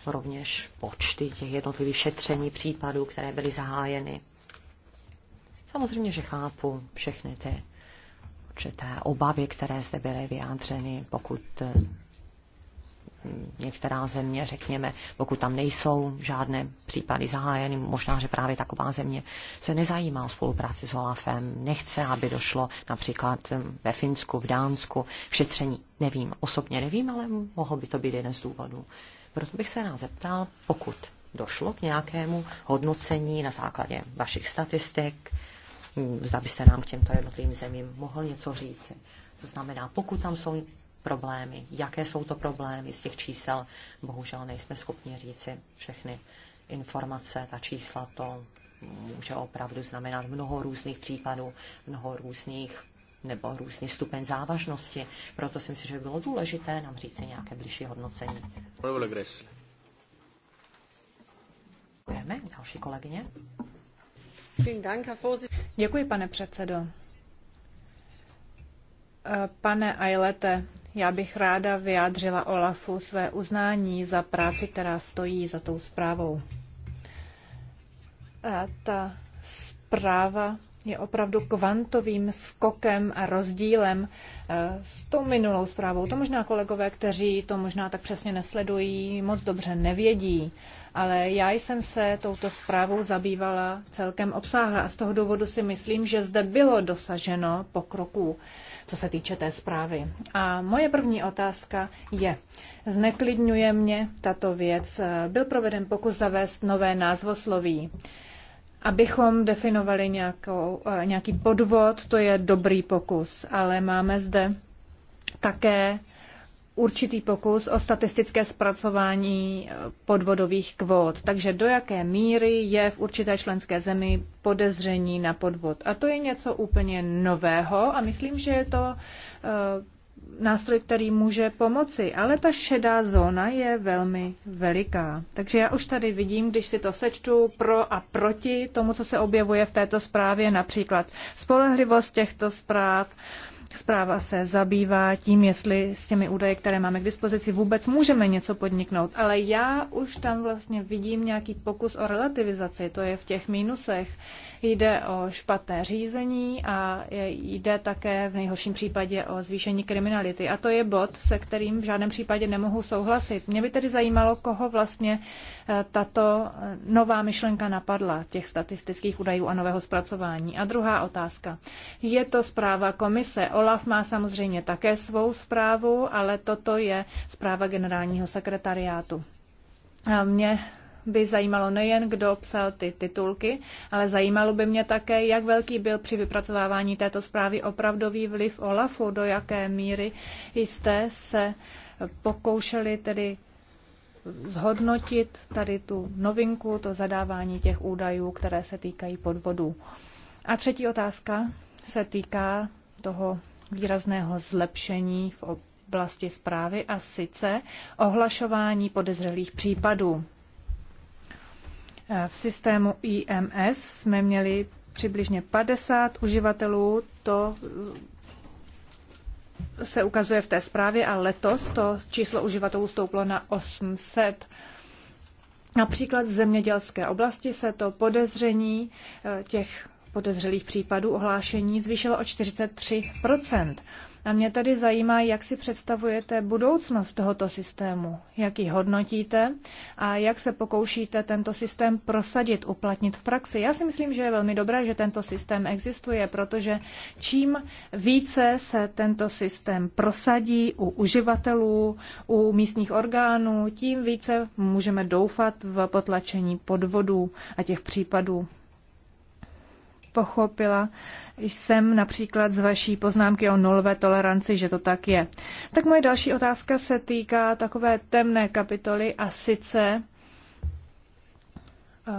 rovněž počty těch jednotlivých šetření případů, které byly zahájeny. Samozřejmě, že chápu všechny ty určité obavy, které zde byly vyjádřeny, pokud eh, některá země, řekněme, pokud tam nejsou žádné případy zahájeny, možná, že právě taková země se nezajímá o spolupráci s OLAFem, nechce, aby došlo například ve Finsku, v Dánsku k šetření. Nevím, osobně nevím, ale mohl by to být jeden z důvodů. Proto bych se nás zeptal, pokud došlo k nějakému hodnocení na základě vašich statistik, zda byste nám k těmto jednotlivým zemím mohl něco říci. To znamená, pokud tam jsou problémy. Jaké jsou to problémy z těch čísel? Bohužel nejsme schopni říci všechny informace, ta čísla to může opravdu znamenat mnoho různých případů, mnoho různých nebo různý stupeň závažnosti. Proto si myslím, že by bylo důležité nám říci nějaké blížší hodnocení. Děkujeme. Další kolegyně. Děkuji, pane předsedo. Pane Ajlete, já bych ráda vyjádřila Olafu své uznání za práci, která stojí za tou zprávou. A ta zpráva je opravdu kvantovým skokem a rozdílem eh, s tou minulou zprávou. To možná kolegové, kteří to možná tak přesně nesledují, moc dobře nevědí, ale já jsem se touto zprávou zabývala celkem obsáhle a z toho důvodu si myslím, že zde bylo dosaženo pokroku, co se týče té zprávy. A moje první otázka je, zneklidňuje mě tato věc, byl proveden pokus zavést nové názvosloví abychom definovali nějakou, eh, nějaký podvod, to je dobrý pokus, ale máme zde také určitý pokus o statistické zpracování eh, podvodových kvót. Takže do jaké míry je v určité členské zemi podezření na podvod. A to je něco úplně nového a myslím, že je to eh, nástroj, který může pomoci, ale ta šedá zóna je velmi veliká. Takže já už tady vidím, když si to sečtu pro a proti tomu, co se objevuje v této zprávě, například spolehlivost těchto zpráv, Zpráva se zabývá tím, jestli s těmi údaje, které máme k dispozici, vůbec můžeme něco podniknout. Ale já už tam vlastně vidím nějaký pokus o relativizaci, to je v těch mínusech. Jde o špatné řízení a jde také v nejhorším případě o zvýšení kriminality. A to je bod, se kterým v žádném případě nemohu souhlasit. Mě by tedy zajímalo, koho vlastně eh, tato eh, nová myšlenka napadla, těch statistických údajů a nového zpracování. A druhá otázka. Je to zpráva komise. Olaf má samozřejmě také svou zprávu, ale toto je zpráva generálního sekretariátu. A mě by zajímalo nejen, kdo psal ty titulky, ale zajímalo by mě také, jak velký byl při vypracovávání této zprávy opravdový vliv Olafu, do jaké míry jste se pokoušeli tedy zhodnotit tady tu novinku, to zadávání těch údajů, které se týkají podvodů. A třetí otázka se týká toho výrazného zlepšení v oblasti zprávy a sice ohlašování podezřelých případů. Eh, v systému IMS jsme měli přibližně 50 uživatelů, to eh, se ukazuje v té zprávě a letos to číslo uživatelů stouplo na 800. Například v zemědělské oblasti se to podezření eh, těch podezřelých případů ohlášení zvýšilo o 43 a mě tady zajímá, jak si představujete budoucnost tohoto systému, jak ji hodnotíte a jak se pokoušíte tento systém prosadit, uplatnit v praxi. Já si myslím, že je velmi dobré, že tento systém existuje, protože čím více se tento systém prosadí u uživatelů, u místních orgánů, tím více můžeme doufat v potlačení podvodů a těch případů pochopila jsem například z vaší poznámky o nulové toleranci, že to tak je. Tak moje další otázka se týká takové temné kapitoly a sice eh,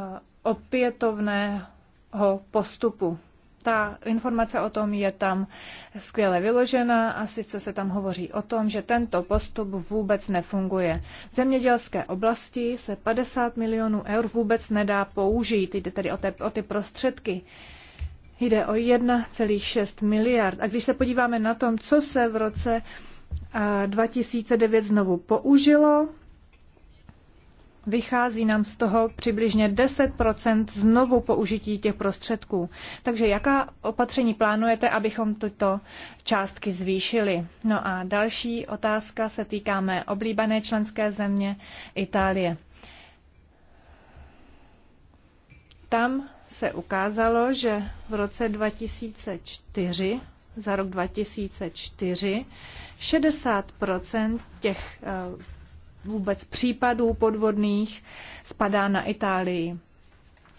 opětovného postupu. Ta informace o tom je tam skvěle vyložena a sice se tam hovoří o tom, že tento postup vůbec nefunguje. V zemědělské oblasti se 50 milionů eur vůbec nedá použít, jde tedy o, te, o ty prostředky, Jde o 1,6 miliard. A když se podíváme na tom, co se v roce 2009 znovu použilo, vychází nám z toho přibližně 10 znovu použití těch prostředků. Takže jaká opatření plánujete, abychom tyto částky zvýšili? No a další otázka se týká mé oblíbené členské země Itálie. Tam se ukázalo, že v roce 2004, za rok 2004, 60 těch eh, vůbec případů podvodných spadá na Itálii.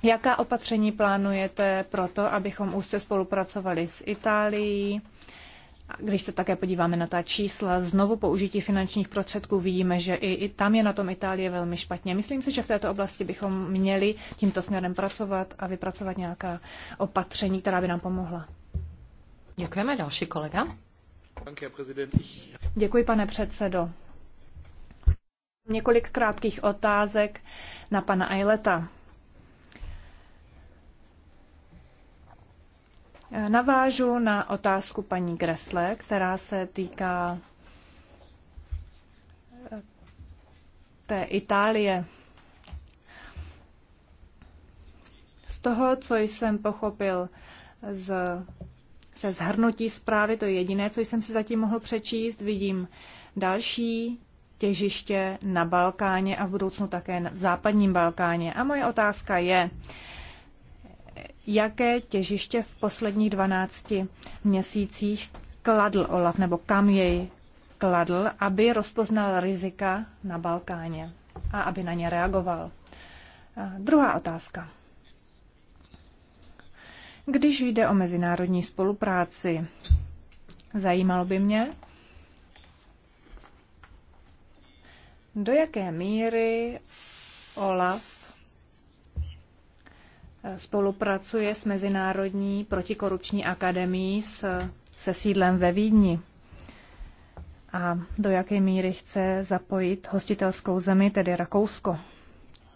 Jaká opatření plánujete pro to, abychom úzce spolupracovali s Itálií? Když se také podíváme na ta čísla znovu použití finančních prostředků, vidíme, že i, i tam je na tom Itálie velmi špatně. Myslím si, že v této oblasti bychom měli tímto směrem pracovat a vypracovat nějaká opatření, která by nám pomohla. Děkujeme. Další kolega. Děkuji, pane předsedo. Několik krátkých otázek na pana Ajleta. Navážu na otázku paní Gresle, která se týká eh, té Itálie. Z toho, co jsem pochopil z, se zhrnutí zprávy, to je jediné, co jsem si zatím mohl přečíst, vidím další těžiště na Balkáně a v budoucnu také v západním Balkáně. A moje otázka je, uh, jaké těžiště v posledních 12 měsících kladl Olaf, nebo kam jej kladl, aby rozpoznal rizika na Balkáně a aby na ně reagoval. A druhá otázka. Když jde o mezinárodní spolupráci, zajímalo by mě, do jaké míry Olaf spolupracuje s Mezinárodní protikorupční akademií s, se sídlem ve Vídni a do jaké míry chce zapojit hostitelskou zemi, tedy Rakousko.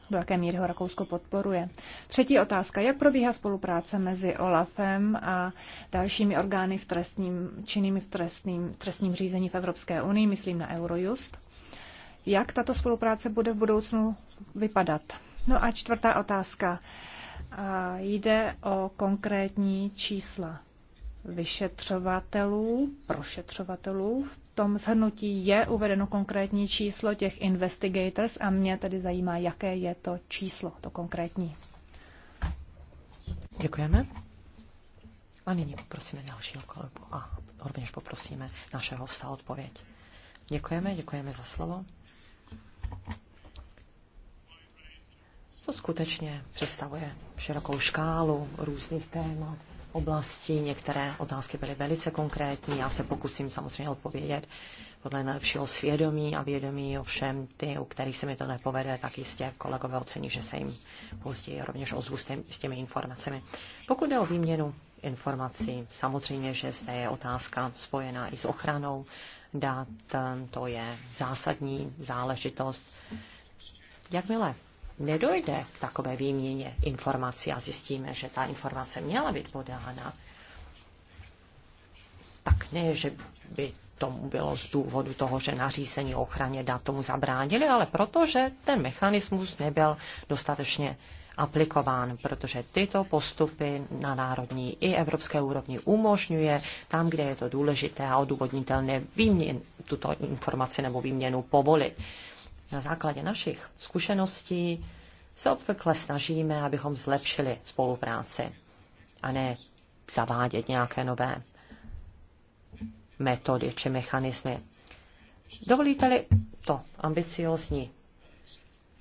Do jaké míry ho Rakousko podporuje. Třetí otázka. Jak probíhá spolupráce mezi OLAFem a dalšími orgány v trestním, činnými v trestním, trestním řízení v Evropské unii, myslím na Eurojust? Jak tato spolupráce bude v budoucnu vypadat? No a čtvrtá otázka. A jde o konkrétní čísla vyšetřovatelů, prošetřovatelů. V tom shrnutí je uvedeno konkrétní číslo těch investigators a mě tedy zajímá, jaké je to číslo, to konkrétní. Děkujeme. A nyní poprosíme dalšího kolegu a rovněž poprosíme našeho hosta odpověď. Děkujeme, děkujeme za slovo. To skutečně představuje širokou škálu různých témat, oblastí. Některé otázky byly velice konkrétní. Já se pokusím samozřejmě odpovědět podle nejlepšího svědomí a vědomí. Ovšem ty, u kterých se mi to nepovede, tak jistě kolegové ocení, že se jim později rovněž ozvu s, těmi, s těmi informacemi. Pokud jde o výměnu informací, samozřejmě, že zde je otázka spojená i s ochranou dat. To je zásadní záležitost. Jakmile nedojde k takové výměně informací a zjistíme, že ta informace měla být podána, tak ne, že by tomu bylo z důvodu toho, že nařízení o ochraně dat tomu zabránili, ale protože ten mechanismus nebyl dostatečně aplikován, protože tyto postupy na národní i evropské úrovni umožňuje tam, kde je to důležité a odůvodnitelné, výměn, tuto informaci nebo výměnu povolit na základě našich zkušeností se obvykle snažíme, abychom zlepšili spolupráci a ne zavádět nějaké nové metody či mechanismy. Dovolíte-li to ambiciozní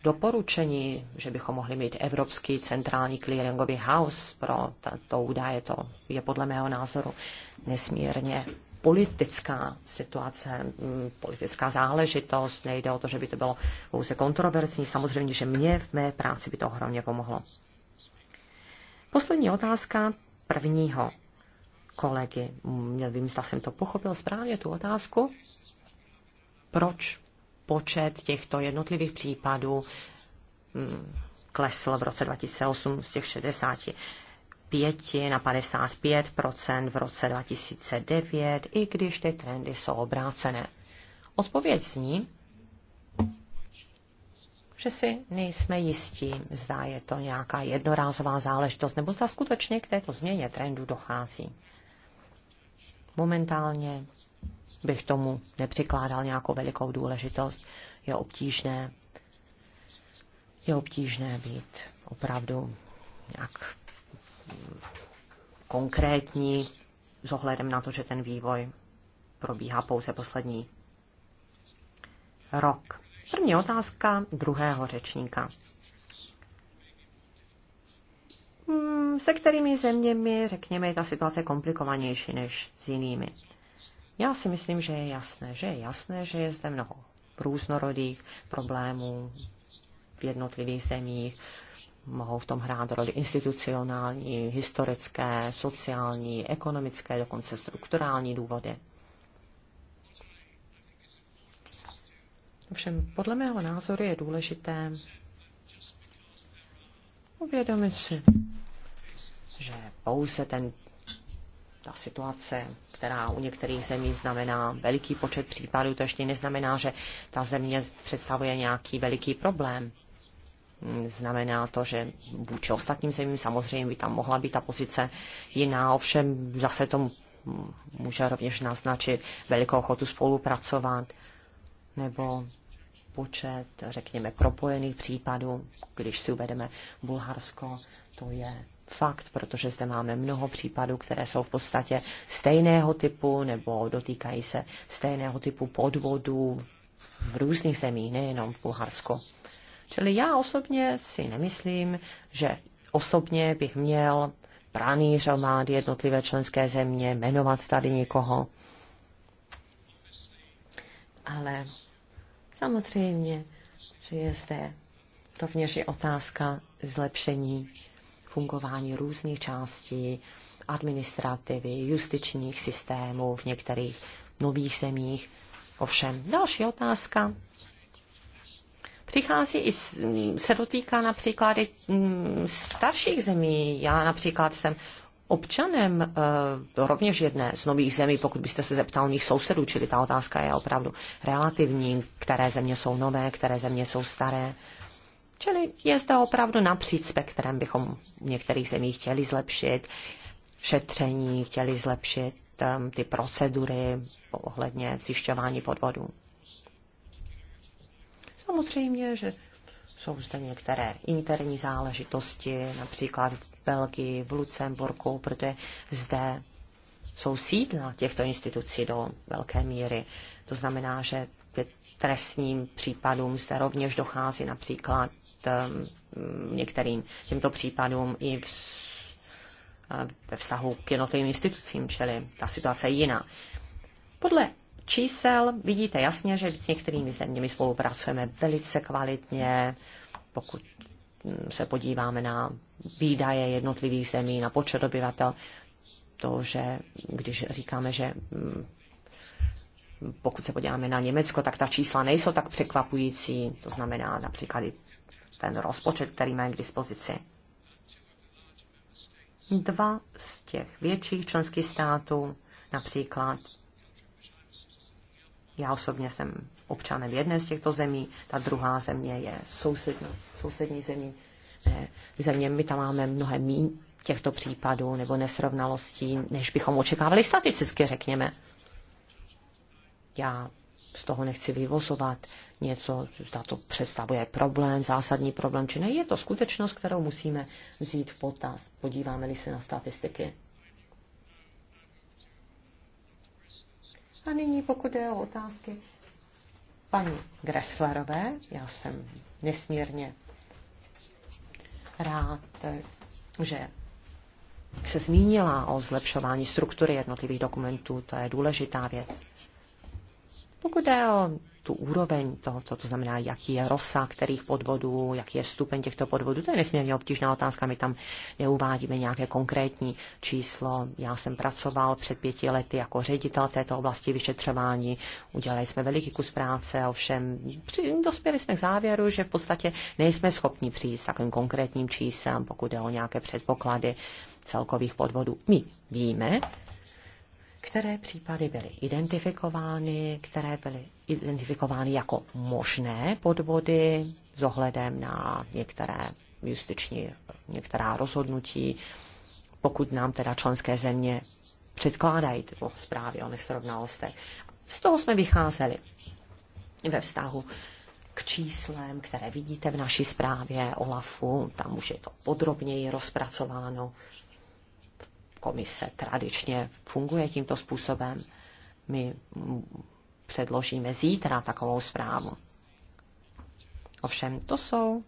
doporučení, že bychom mohli mít Evropský centrální clearingový house pro tato údaje, to je podle mého názoru nesmírně politická situace, mm, politická záležitost, nejde o to, že by to bylo pouze kontroverzní, samozřejmě, že mě v mé práci by to ohromně pomohlo. Poslední otázka prvního kolegy. Měl bych, zda jsem to pochopil správně, tu otázku. Proč počet těchto jednotlivých případů mm, klesl v roce 2008 z těch 60 55 na 55 v roce 2009, i když ty trendy jsou obrácené. Odpověď zní, že si nejsme jistí, zda je to nějaká jednorázová záležitost, nebo zda skutečně k této změně trendu dochází. Momentálně bych tomu nepřikládal nějakou velikou důležitost. Je obtížné, je obtížné být opravdu nějak konkrétní s ohledem na to, že ten vývoj probíhá pouze poslední rok. První otázka druhého řečníka. Hmm, se kterými zeměmi, řekněme, je ta situace komplikovanější než s jinými? Já si myslím, že je jasné, že je jasné, že je zde mnoho různorodých problémů v jednotlivých zemích, mohou v tom hrát roli institucionální, historické, sociální, ekonomické, dokonce strukturální důvody. Ovšem, podle mého názoru je důležité uvědomit si, že pouze ten, ta situace, která u některých zemí znamená veliký počet případů, to ještě neznamená, že ta země představuje nějaký veliký problém. Znamená to, že vůči ostatním zemím samozřejmě by tam mohla být ta pozice jiná, ovšem zase to může rovněž naznačit velikou ochotu spolupracovat nebo počet, řekněme, propojených případů, když si uvedeme Bulharsko, to je fakt, protože zde máme mnoho případů, které jsou v podstatě stejného typu nebo dotýkají se stejného typu podvodů v různých zemích, nejenom v Bulharsku. Čili já osobně si nemyslím, že osobně bych měl pranýřovat jednotlivé členské země, jmenovat tady někoho. Ale samozřejmě, že je zde rovněž i otázka zlepšení fungování různých částí administrativy, justičních systémů v některých nových zemích. Ovšem, další otázka přichází i, se dotýká například i mm, starších zemí. Já například jsem občanem eh, rovněž jedné z nových zemí, pokud byste se zeptal mých sousedů, čili ta otázka je opravdu relativní, které země jsou nové, které země jsou staré. Čili je zde opravdu napříč spektrem, bychom v některých zemích chtěli zlepšit šetření, chtěli zlepšit um, ty procedury ohledně zjišťování podvodů. Samozřejmě, že jsou zde některé interní záležitosti, například v Belgii, v Lucemburku, protože zde jsou sídla těchto institucí do velké míry. To znamená, že k trestním případům zde rovněž dochází například ehm, některým těmto případům i v, eh, ve vztahu k jednotlivým institucím, čili ta situace je jiná. Podle čísel vidíte jasně, že s některými zeměmi spolupracujeme velice kvalitně, pokud mm, se podíváme na výdaje jednotlivých zemí, na počet obyvatel, to, že když říkáme, že mm, pokud se podíváme na Německo, tak ta čísla nejsou tak překvapující, to znamená například i ten rozpočet, který máme k dispozici. Dva z těch větších členských států, například já osobně jsem občanem jedné z těchto zemí, ta druhá země je sousední, sousední zemí. Eh, země, my tam máme mnohem mín těchto případů nebo nesrovnalostí, než bychom očekávali statisticky, řekněme. Já z toho nechci vyvozovat něco, zda to představuje problém, zásadní problém, či ne. Je to skutečnost, kterou musíme vzít v potaz. Podíváme-li se na statistiky. A nyní, pokud jde o otázky paní Gresslerové, já jsem nesmírně rád, že se zmínila o zlepšování struktury jednotlivých dokumentů, to je důležitá věc. Pokud jde o tu úroveň co to znamená, jaký je rozsah kterých podvodů, jaký je stupeň těchto podvodů, to je nesmírně obtížná otázka, my tam neuvádíme nějaké konkrétní číslo. Já jsem pracoval před pěti lety jako ředitel této oblasti vyšetřování, udělali jsme veliký kus práce, ovšem při, dospěli jsme k závěru, že v podstatě nejsme schopni přijít s takovým konkrétním číslem, pokud jde o nějaké předpoklady celkových podvodů. My víme, které případy byly identifikovány, které byly identifikovány jako možné podvody s ohledem na některé justiční, některá rozhodnutí, pokud nám teda členské země předkládají tyto zprávy o nesrovnalostech. Z toho jsme vycházeli ve vztahu k číslem, které vidíte v naší zprávě OLAFu, tam už je to podrobněji rozpracováno. Komise tradičně funguje tímto způsobem. My předložíme zítra takovou zprávu. Ovšem, to jsou,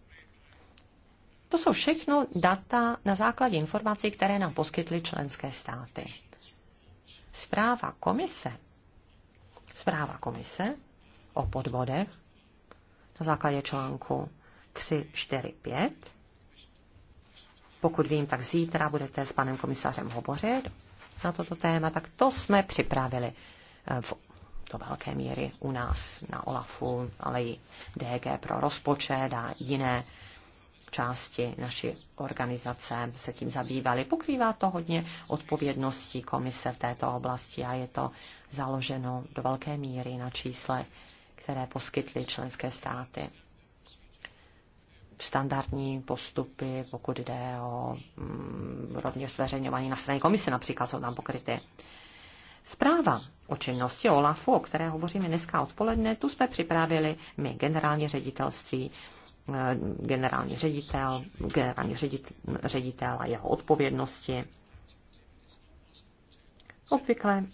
to jsou všechno data na základě informací, které nám poskytly členské státy. Zpráva komise, zpráva komise o podvodech na základě článku 3, 4, 5. Pokud vím, tak zítra budete s panem komisařem hovořit na toto téma, tak to jsme připravili eh, v do velké míry u nás na OLAFu, ale i DG pro rozpočet a jiné části naší organizace se tím zabývaly. Pokrývá to hodně odpovědností komise v této oblasti a je to založeno do velké míry na čísle, které poskytly členské státy. Standardní postupy, pokud jde o mm, rovněž zveřejňování na straně komise například, jsou tam pokryty. Zpráva o činnosti OLAFu, o které hovoříme dneska odpoledne, tu jsme připravili my, generální ředitelství, eh, generální ředitel, generální ředitel, a jeho odpovědnosti. Obvykle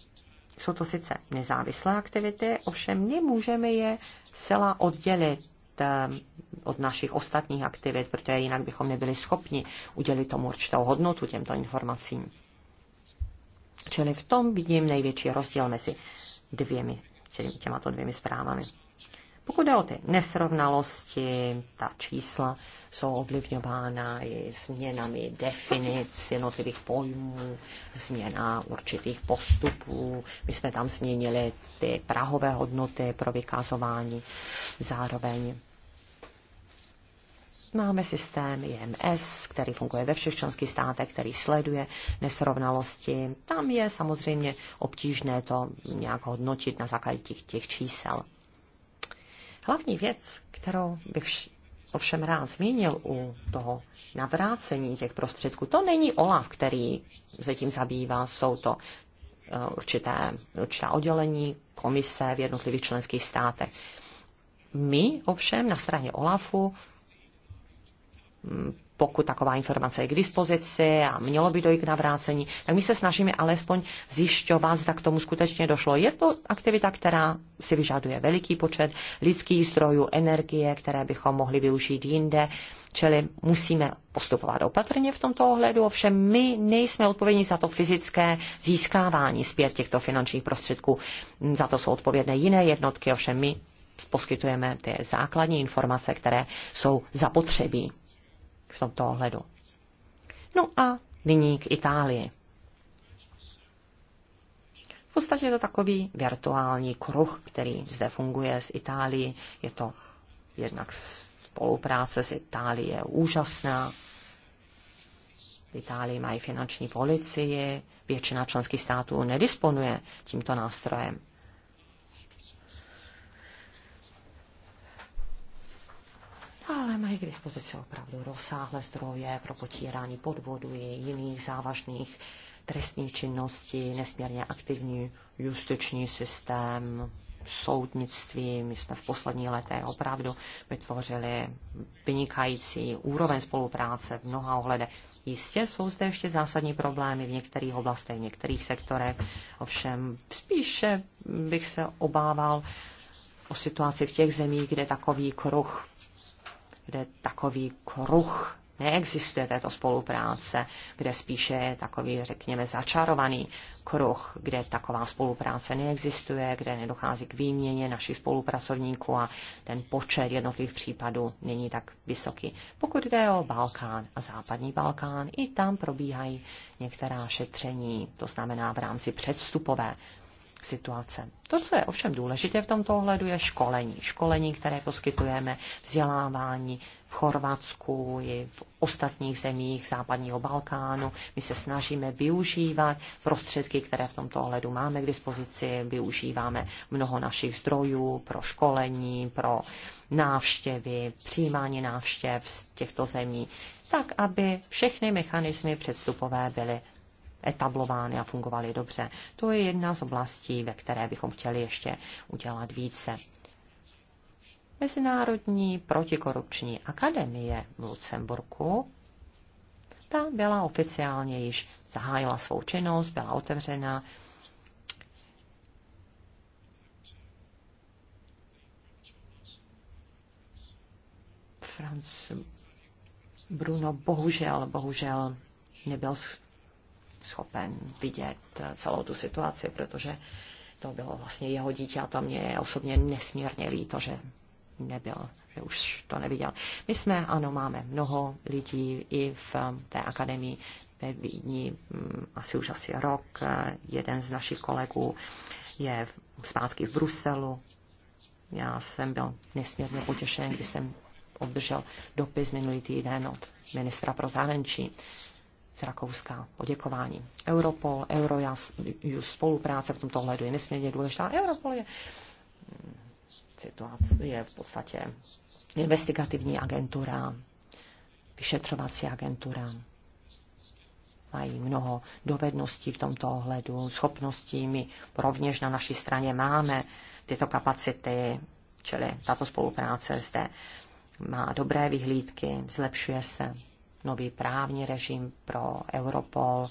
jsou to sice nezávislé aktivity, ovšem nemůžeme je zcela oddělit eh, od našich ostatních aktivit, protože jinak bychom nebyli schopni udělit tomu určitou hodnotu těmto informacím. Čili v tom vidím největší rozdíl mezi dvěmi, těmato dvěmi zprávami. Pokud jde o ty nesrovnalosti, ta čísla jsou ovlivňována i změnami definic jednotlivých pojmů, změna určitých postupů. My jsme tam změnili ty prahové hodnoty pro vykazování. Zároveň Máme systém IMS, který funguje ve všech členských státech, který sleduje nesrovnalosti. Tam je samozřejmě obtížné to nějak hodnotit na základě těch, těch čísel. Hlavní věc, kterou bych ovšem rád zmínil u toho navrácení těch prostředků, to není OLAF, který se tím zabývá, jsou to eh, určité, určitá oddělení, komise v jednotlivých členských státech. My ovšem na straně OLAFu Mm, pokud taková informace je k dispozici a mělo by dojít k navrácení, tak my se snažíme alespoň zjišťovat, zda k tomu skutečně došlo. Je to aktivita, která si vyžaduje veliký počet lidských zdrojů, energie, které bychom mohli využít jinde. Čili musíme postupovat opatrně v tomto ohledu, ovšem my nejsme odpovědní za to fyzické získávání zpět těchto finančních prostředků. Za to jsou odpovědné jiné jednotky, ovšem my poskytujeme ty základní informace, které jsou zapotřebí v tomto ohledu. No a nyní k Itálii. V podstatě je to takový virtuální kruh, který zde funguje z Itálii. Je to jednak spolupráce s Itálií je úžasná. V Itálii mají finanční policii, většina členských států nedisponuje tímto nástrojem. ale mají k dispozici opravdu rozsáhlé zdroje pro potírání podvodu i jiných závažných trestných činností, nesmírně aktivní justiční systém, soudnictví. My jsme v posledních letech opravdu vytvořili vynikající úroveň spolupráce v mnoha ohledech. Jistě jsou zde ještě zásadní problémy v některých oblastech, v některých sektorech, ovšem spíše bych se obával o situaci v těch zemích, kde takový kruh kde takový kruh neexistuje této spolupráce, kde spíše je takový, řekněme, začarovaný kruh, kde taková spolupráce neexistuje, kde nedochází k výměně našich spolupracovníků a ten počet jednotlivých případů není tak vysoký. Pokud jde o Balkán a západní Balkán, i tam probíhají některá šetření, to znamená v rámci předstupové situace. To, co je ovšem důležité v tomto ohledu, je školení. Školení, které poskytujeme, vzdělávání v Chorvatsku i v ostatních zemích západního Balkánu. My se snažíme využívat prostředky, které v tomto ohledu máme k dispozici. Využíváme mnoho našich zdrojů pro školení, pro návštěvy, přijímání návštěv z těchto zemí, tak aby všechny mechanismy předstupové byly etablovány a fungovaly dobře. To je jedna z oblastí, ve které bychom chtěli ještě udělat více. Mezinárodní protikorupční akademie v Lucemburku ta byla oficiálně již zahájila svou činnost, byla otevřena. Franc Bruno bohužel, bohužel nebyl schopen vidět celou tu situaci, protože to bylo vlastně jeho dítě a to mě osobně nesmírně líto, že nebyl, že už to neviděl. My jsme, ano, máme mnoho lidí i v té akademii ve Vídni, mm, asi už asi rok. Jeden z našich kolegů je zpátky v Bruselu. Já jsem byl nesmírně potěšen, když jsem obdržel dopis minulý týden od ministra pro zahraničí z Rakouska poděkování. Europol, Eurojust, spolupráce v tomto ohledu je nesmírně důležitá. Europol je mm, situace je v podstatě investigativní agentura, vyšetřovací agentura. Mají mnoho dovedností v tomto ohledu, schopností. My rovněž na naší straně máme tyto kapacity, čili tato spolupráce zde má dobré vyhlídky, zlepšuje se nový právní režim pro Europol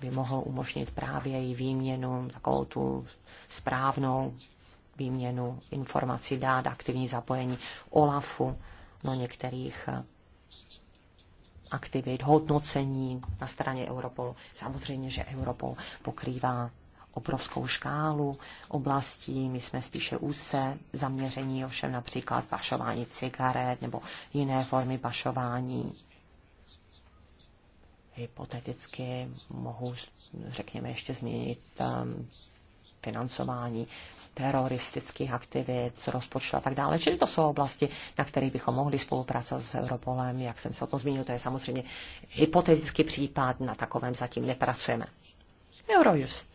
by mohl umožnit právě její výměnu, takovou tu správnou výměnu informací, dát aktivní zapojení OLAFu do no, některých eh, aktivit, hodnocení na straně Europolu. Samozřejmě, že Europol pokrývá obrovskou škálu oblastí. My jsme spíše úzce zaměření ovšem například pašování cigaret nebo jiné formy pašování hypoteticky mohu, řekněme, ještě změnit um, financování teroristických aktivit, rozpočtu a tak dále. Čili to jsou oblasti, na kterých bychom mohli spolupracovat s Europolem. Jak jsem se o tom zmínil, to je samozřejmě hypotetický případ, na takovém zatím nepracujeme. Eurojust.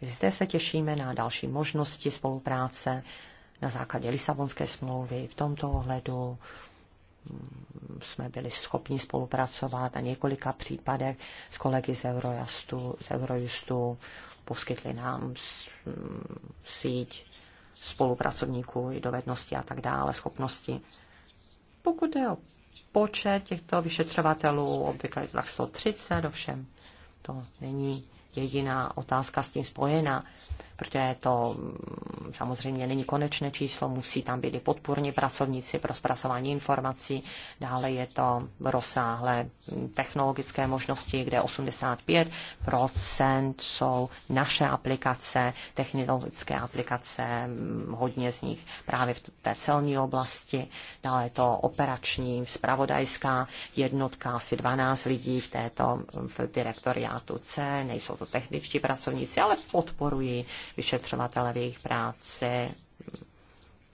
Zde se těšíme na další možnosti spolupráce na základě Lisabonské smlouvy v tomto ohledu jsme byli schopni spolupracovat na několika případech s kolegy z Eurojustu, z Eurojustu poskytli nám mm, síť spolupracovníků, dovednosti a tak dále, schopnosti. Pokud je o počet těchto vyšetřovatelů, obvykle tak 130, ovšem to není jediná otázka s tím spojená protože to mm, samozřejmě není konečné číslo, musí tam být i podpůrní pracovníci pro zpracování informací, dále je to rozsáhlé mm, technologické možnosti, kde 85% jsou naše aplikace, technologické aplikace, mm, hodně z nich právě v té celní oblasti, dále je to operační, spravodajská jednotka, asi 12 lidí v této v direktoriátu C, nejsou to techničtí pracovníci, ale podporují vyšetřovatele v jejich práci.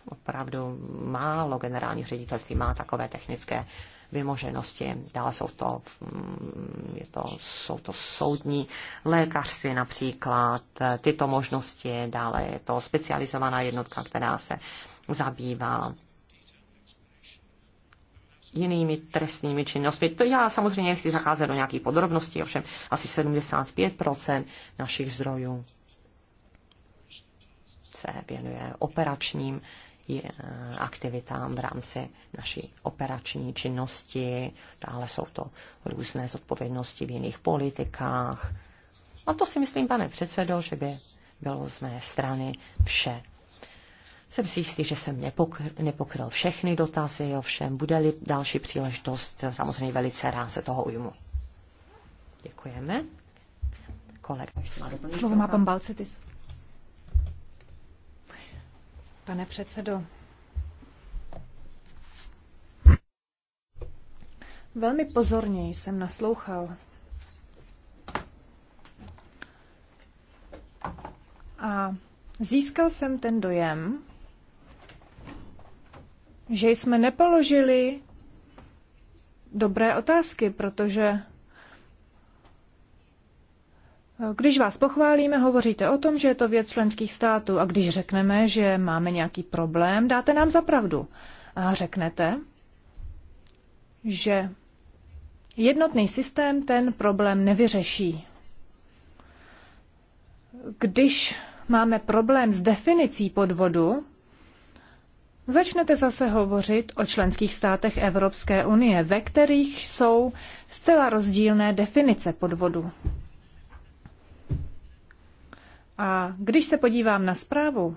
Opravdu málo generálních ředitelství má takové technické vymoženosti. Dále jsou to, mm, je to, jsou to soudní lékařství například, tyto možnosti, dále je to specializovaná jednotka, která se zabývá jinými trestními činnostmi. To já samozřejmě nechci zacházet do nějakých podrobností, ovšem asi 75% našich zdrojů se věnuje operačním eh, aktivitám v rámci naší operační činnosti, dále jsou to různé zodpovědnosti v jiných politikách. A to si myslím, pane předsedo, že by bylo z mé strany vše. Jsem si jistý, že jsem nepokr- nepokryl všechny dotazy, ovšem bude-li další příležitost, samozřejmě velice rád se toho ujmu. Děkujeme. Kolega. Slovo má pan Balcetis pane předsedo. Velmi pozorně jsem naslouchal. A získal jsem ten dojem, že jsme nepoložili dobré otázky, protože když vás pochválíme, hovoříte o tom, že je to věc členských států a když řekneme, že máme nějaký problém, dáte nám za pravdu. A řeknete, že jednotný systém ten problém nevyřeší. Když máme problém s definicí podvodu, Začnete zase hovořit o členských státech Evropské unie, ve kterých jsou zcela rozdílné definice podvodu. A když se podívám na zprávu,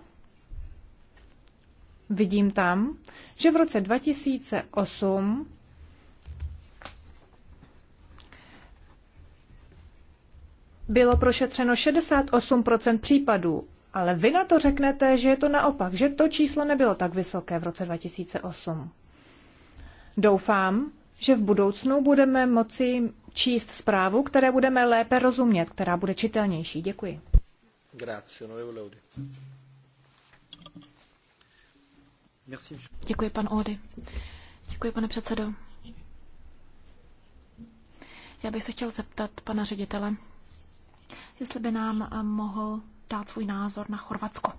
vidím tam, že v roce 2008 bylo prošetřeno 68 případů, ale vy na to řeknete, že je to naopak, že to číslo nebylo tak vysoké v roce 2008. Doufám, že v budoucnu budeme moci číst zprávu, které budeme lépe rozumět, která bude čitelnější. Děkuji. Grazie, onorevole Audi. Děkuji, pan Ody. Děkuji, pane předsedo. Já bych se chtěl zeptat pana ředitele, jestli by nám eh, mohl dát svůj názor na Chorvatsko.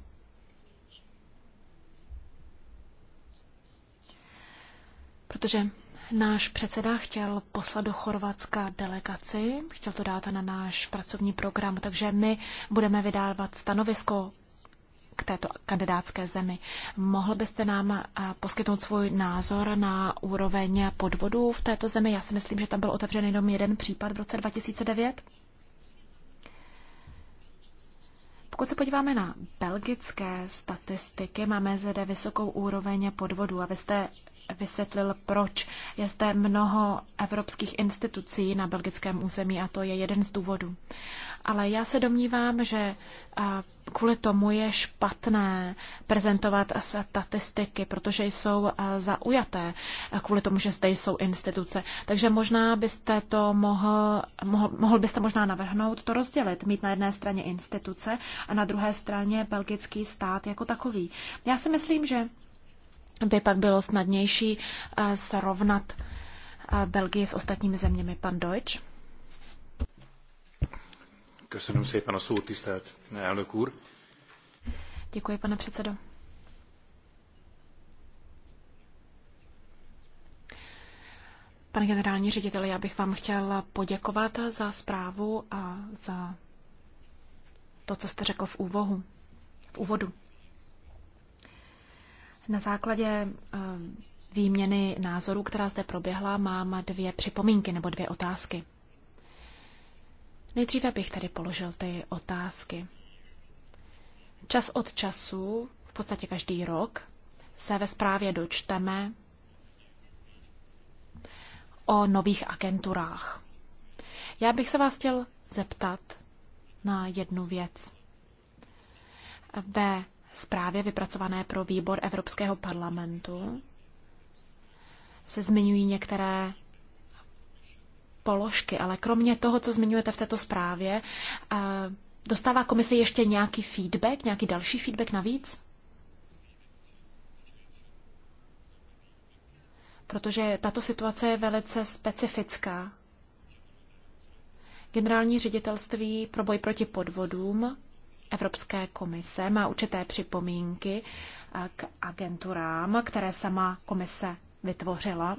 Protože Náš předseda chtěl poslat do Chorvatska delegaci, chtěl to dát na náš pracovní program, takže my budeme vydávat stanovisko k této kandidátské zemi. Mohl byste nám eh, poskytnout svůj názor na úroveň podvodů v této zemi? Já si myslím, že tam byl otevřen jenom jeden případ v roce 2009. Pokud se podíváme na belgické statistiky, máme zde vysokou úroveň podvodů a vy jste vysvětlil, proč je zde mnoho evropských institucí na belgickém území a to je jeden z důvodů. Ale já se domnívám, že eh, kvůli tomu je špatné prezentovat statistiky, protože jsou eh, zaujaté eh, kvůli tomu, že zde jsou instituce. Takže možná byste to mohl, mohl, mohl byste možná navrhnout to rozdělit, mít na jedné straně instituce a na druhé straně belgický stát jako takový. Já si myslím, že by pak bylo snadnější eh, srovnat eh, Belgii s ostatními zeměmi. Pan Deutsch. Děkuji, pane předsedo. Pane generální řediteli, já bych vám chtěl poděkovat za zprávu a za to, co jste řekl v úvohu, v úvodu. Na základě ehm, výměny názorů, která zde proběhla, mám dvě připomínky nebo dvě otázky. Nejdříve bych tady položil ty otázky. Čas od času, v podstatě každý rok, se ve zprávě dočteme o nových agenturách. Já bych se vás chtěl zeptat na jednu věc. Ve zprávě vypracované pro výbor Evropského parlamentu se zmiňují některé položky, ale kromě toho, co zmiňujete v této zprávě, eh, dostává komise ještě nějaký feedback, nějaký další feedback navíc? Protože tato situace je velice specifická. Generální ředitelství pro boj proti podvodům Evropské komise má určité připomínky eh, k agenturám, které sama komise vytvořila.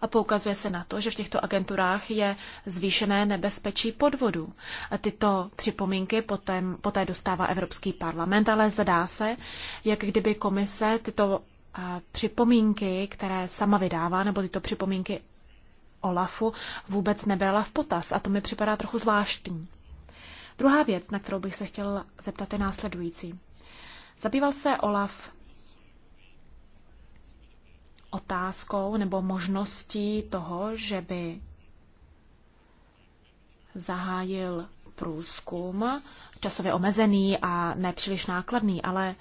A poukazuje se na to, že v těchto agenturách je zvýšené nebezpečí podvodu. A tyto připomínky poté, poté dostává Evropský parlament, ale zdá se, jak kdyby komise tyto eh, připomínky, které sama vydává, nebo tyto připomínky Olafu vůbec nebrala v potaz a to mi připadá trochu zvláštní. Druhá věc, na kterou bych se chtěl zeptat, je následující. Zabýval se Olaf otázkou nebo možností toho, že by zahájil průzkum, časově omezený a nepříliš nákladný, ale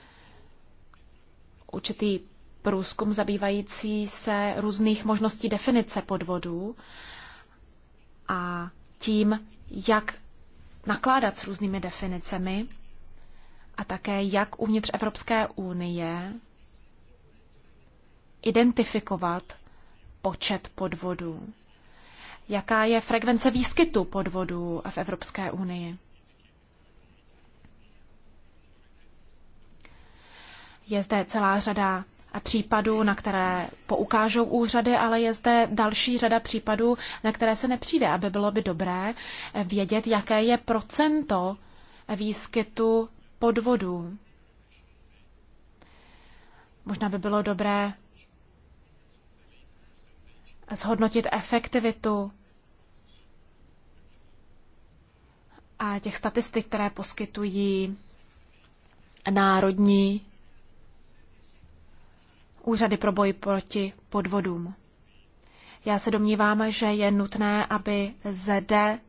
určitý průzkum zabývající se různých možností definice podvodů a tím, jak nakládat s různými definicemi a také jak uvnitř Evropské unie identifikovat počet podvodů. Jaká je frekvence výskytu podvodů v Evropské unii? Je zde celá řada případů, na které poukážou úřady, ale je zde další řada případů, na které se nepřijde, aby bylo by dobré vědět, jaké je procento výskytu podvodů. Možná by bylo dobré zhodnotit efektivitu a těch statistik, které poskytují národní úřady pro boj proti podvodům. Já se domnívám, že je nutné, aby zde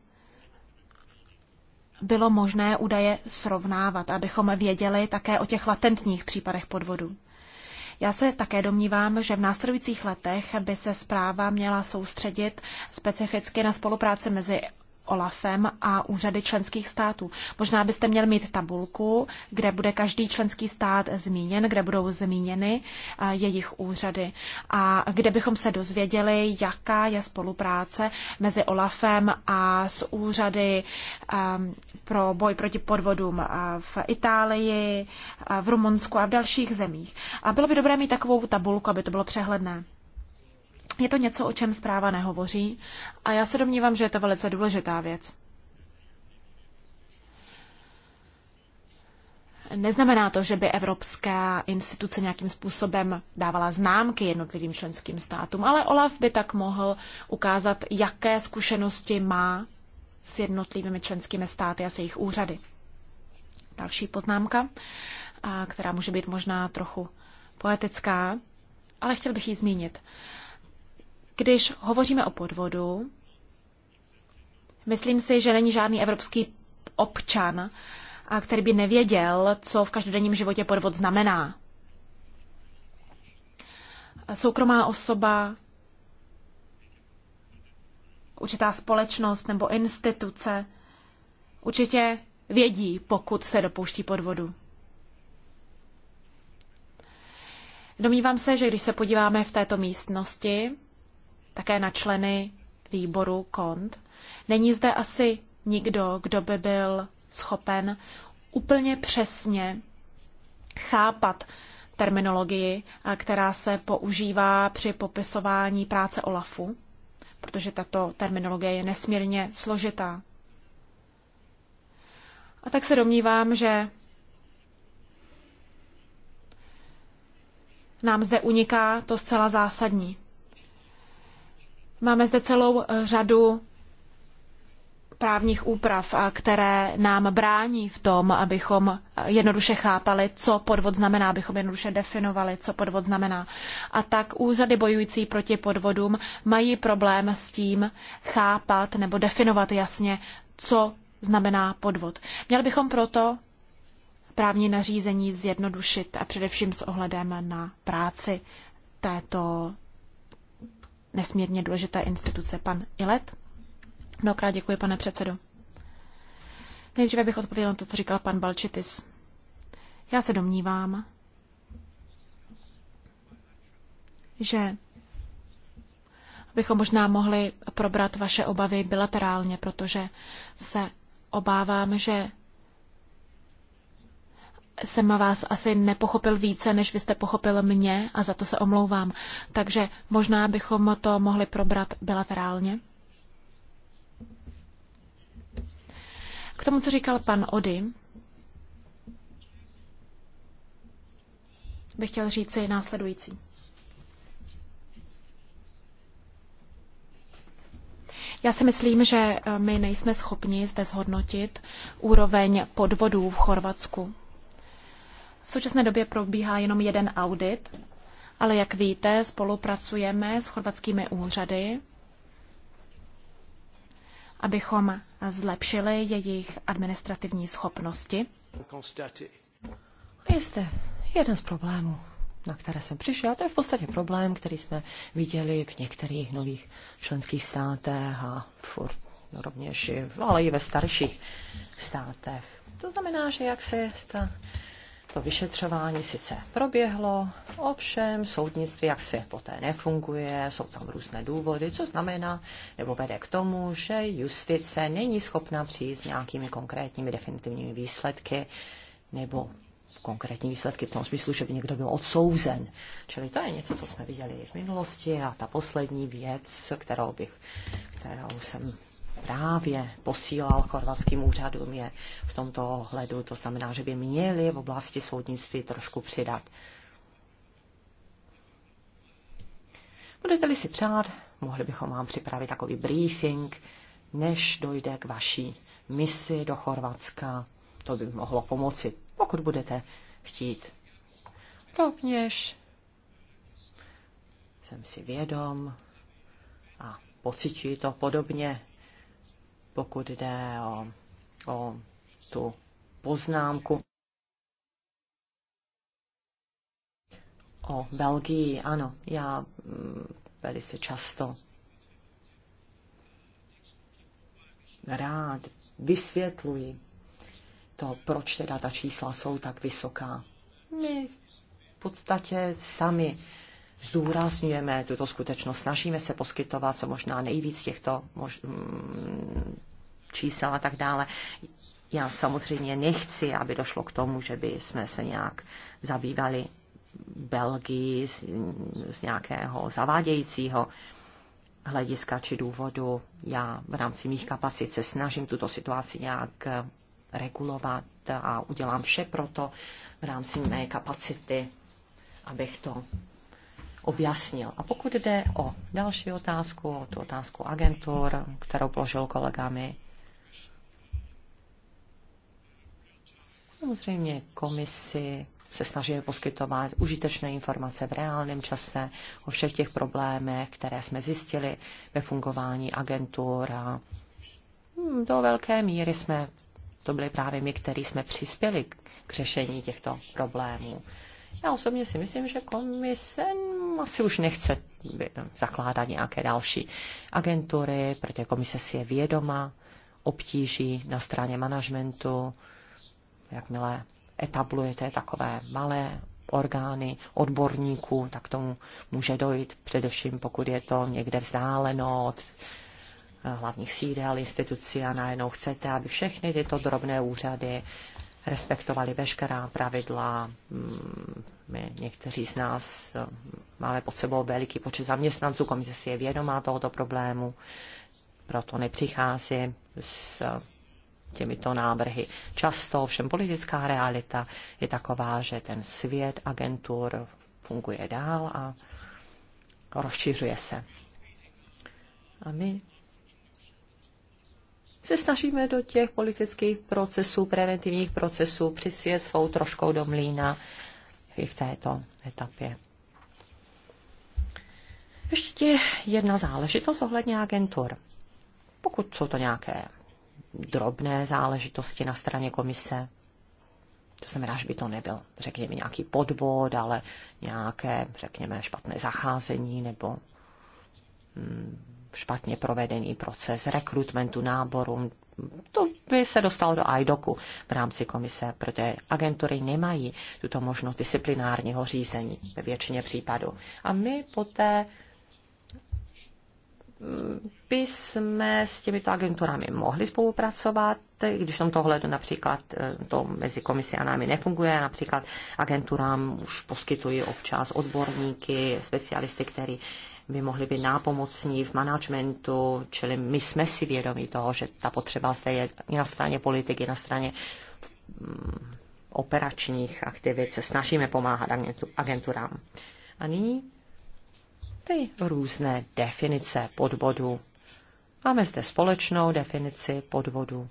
bylo možné údaje srovnávat, abychom věděli také o těch latentních případech podvodů. Já se také domnívám, že v následujících letech by se zpráva měla soustředit specificky na spolupráci mezi OLAFem a úřady členských států. Možná byste měl mít tabulku, kde bude každý členský stát zmíněn, kde budou zmíněny eh, jejich úřady a kde bychom se dozvěděli, jaká je spolupráce mezi OLAFem a s úřady ehm, pro boj proti podvodům eh, v Itálii, eh, v Rumunsku a v dalších zemích. A bylo by dobré mít takovou tabulku, aby to bylo přehledné. Je to něco, o čem zpráva nehovoří a já se domnívám, že je to velice důležitá věc. Neznamená to, že by evropská instituce nějakým způsobem dávala známky jednotlivým členským státům, ale OLAF by tak mohl ukázat, jaké zkušenosti má s jednotlivými členskými státy a s jejich úřady. Další poznámka, která může být možná trochu poetická, ale chtěl bych ji zmínit. Když hovoříme o podvodu, myslím si, že není žádný evropský občan, který by nevěděl, co v každodenním životě podvod znamená. Soukromá osoba, určitá společnost nebo instituce určitě vědí, pokud se dopouští podvodu. Domnívám se, že když se podíváme v této místnosti také na členy výboru KONT. Není zde asi nikdo, kdo by byl schopen úplně přesně chápat terminologii, která se používá při popisování práce OLAFu, protože tato terminologie je nesmírně složitá. A tak se domnívám, že nám zde uniká to zcela zásadní. Máme zde celou eh, řadu právních úprav, eh, které nám brání v tom, abychom eh, jednoduše chápali, co podvod znamená, abychom jednoduše definovali, co podvod znamená. A tak úřady bojující proti podvodům mají problém s tím chápat nebo definovat jasně, co znamená podvod. Měli bychom proto právní nařízení zjednodušit a především s ohledem na práci této nesmírně důležité instituce. Pan Ilet? Mnohokrát děkuji, pane předsedo. Nejdříve bych odpověděl na to, co říkal pan Balčitis. Já se domnívám, že bychom možná mohli probrat vaše obavy bilaterálně, protože se obávám, že jsem vás asi nepochopil více, než vy jste pochopil mě a za to se omlouvám. Takže možná bychom to mohli probrat bilaterálně. K tomu, co říkal pan Ody, bych chtěl říci následující. Já si myslím, že my nejsme schopni zde zhodnotit úroveň podvodů v Chorvatsku. V současné době probíhá jenom jeden audit, ale jak víte, spolupracujeme s chorvatskými úřady, abychom zlepšili jejich administrativní schopnosti. Jste jeden z problémů, na které jsem přišel, to je v podstatě problém, který jsme viděli v některých nových členských státech a furt rovněž, ale i ve starších státech. To znamená, že jak se ta to vyšetřování sice proběhlo, ovšem soudnictví se poté nefunguje, jsou tam různé důvody, co znamená nebo vede k tomu, že justice není schopna přijít s nějakými konkrétními definitivními výsledky nebo konkrétní výsledky v tom smyslu, že by někdo byl odsouzen. Čili to je něco, co jsme viděli i v minulosti a ta poslední věc, kterou, bych, kterou jsem právě posílal chorvatským úřadům, je v tomto ohledu. To znamená, že by měli v oblasti soudnictví trošku přidat. Budete-li si přát, mohli bychom vám připravit takový briefing, než dojde k vaší misi do Chorvatska. To by mohlo pomoci, pokud budete chtít. Rovněž jsem si vědom a pocituji to podobně pokud jde o, o tu poznámku. O Belgii, ano, já mm, velice často rád vysvětluji to, proč teda ta čísla jsou tak vysoká. My v podstatě sami zdůrazňujeme tuto skutečnost, snažíme se poskytovat co možná nejvíc těchto mož, mm, čísel a tak dále. Já samozřejmě nechci, aby došlo k tomu, že by jsme se nějak zabývali Belgii z, z nějakého zavádějícího hlediska či důvodu. Já v rámci mých kapacit se snažím tuto situaci nějak regulovat a udělám vše proto v rámci mé kapacity, abych to objasnil. A pokud jde o další otázku, o tu otázku agentur, kterou položil kolegami, samozřejmě komisi se snažíme poskytovat užitečné informace v reálném čase o všech těch problémech, které jsme zjistili ve fungování agentur a hm, do velké míry jsme, to byli právě my, kteří jsme přispěli k řešení těchto problémů. Já osobně si myslím, že komise asi už nechce eh, zakládat nějaké další agentury, protože komise si je vědoma obtíží na straně managementu, jakmile etablujete takové malé orgány odborníků, tak tomu může dojít především, pokud je to někde vzdáleno od eh, hlavních sídel, institucí a najednou chcete, aby všechny tyto drobné úřady respektovali veškerá pravidla. Mm, my, někteří z nás eh, máme pod sebou veliký počet zaměstnanců, komise si je vědomá tohoto problému, proto nepřichází s eh, těmito návrhy. Často ovšem politická realita je taková, že ten svět agentur funguje dál a rozšiřuje se. A my se snažíme do těch politických procesů, preventivních procesů přisvět svou troškou do mlína i v této etapě. Ještě jedna záležitost ohledně agentur. Pokud jsou to nějaké drobné záležitosti na straně komise, to znamená, že by to nebyl, řekněme, nějaký podvod, ale nějaké, řekněme, špatné zacházení nebo mm, špatně provedený proces rekrutmentu, náboru. To by se dostalo do IDOKu v rámci komise, protože agentury nemají tuto možnost disciplinárního řízení ve většině případů. A my poté mm, by jsme s těmito agenturami mohli spolupracovat, když v tomto hledu například eh, to mezi komisi a námi nefunguje, například agenturám už poskytují občas odborníky, specialisty, který by mohli být nápomocní v managementu, čili my jsme si vědomi toho, že ta potřeba zde je i na straně politiky, na straně mm, operačních aktivit, se snažíme pomáhat agenturám. A nyní ty různé definice podvodu. Máme zde společnou definici podvodu,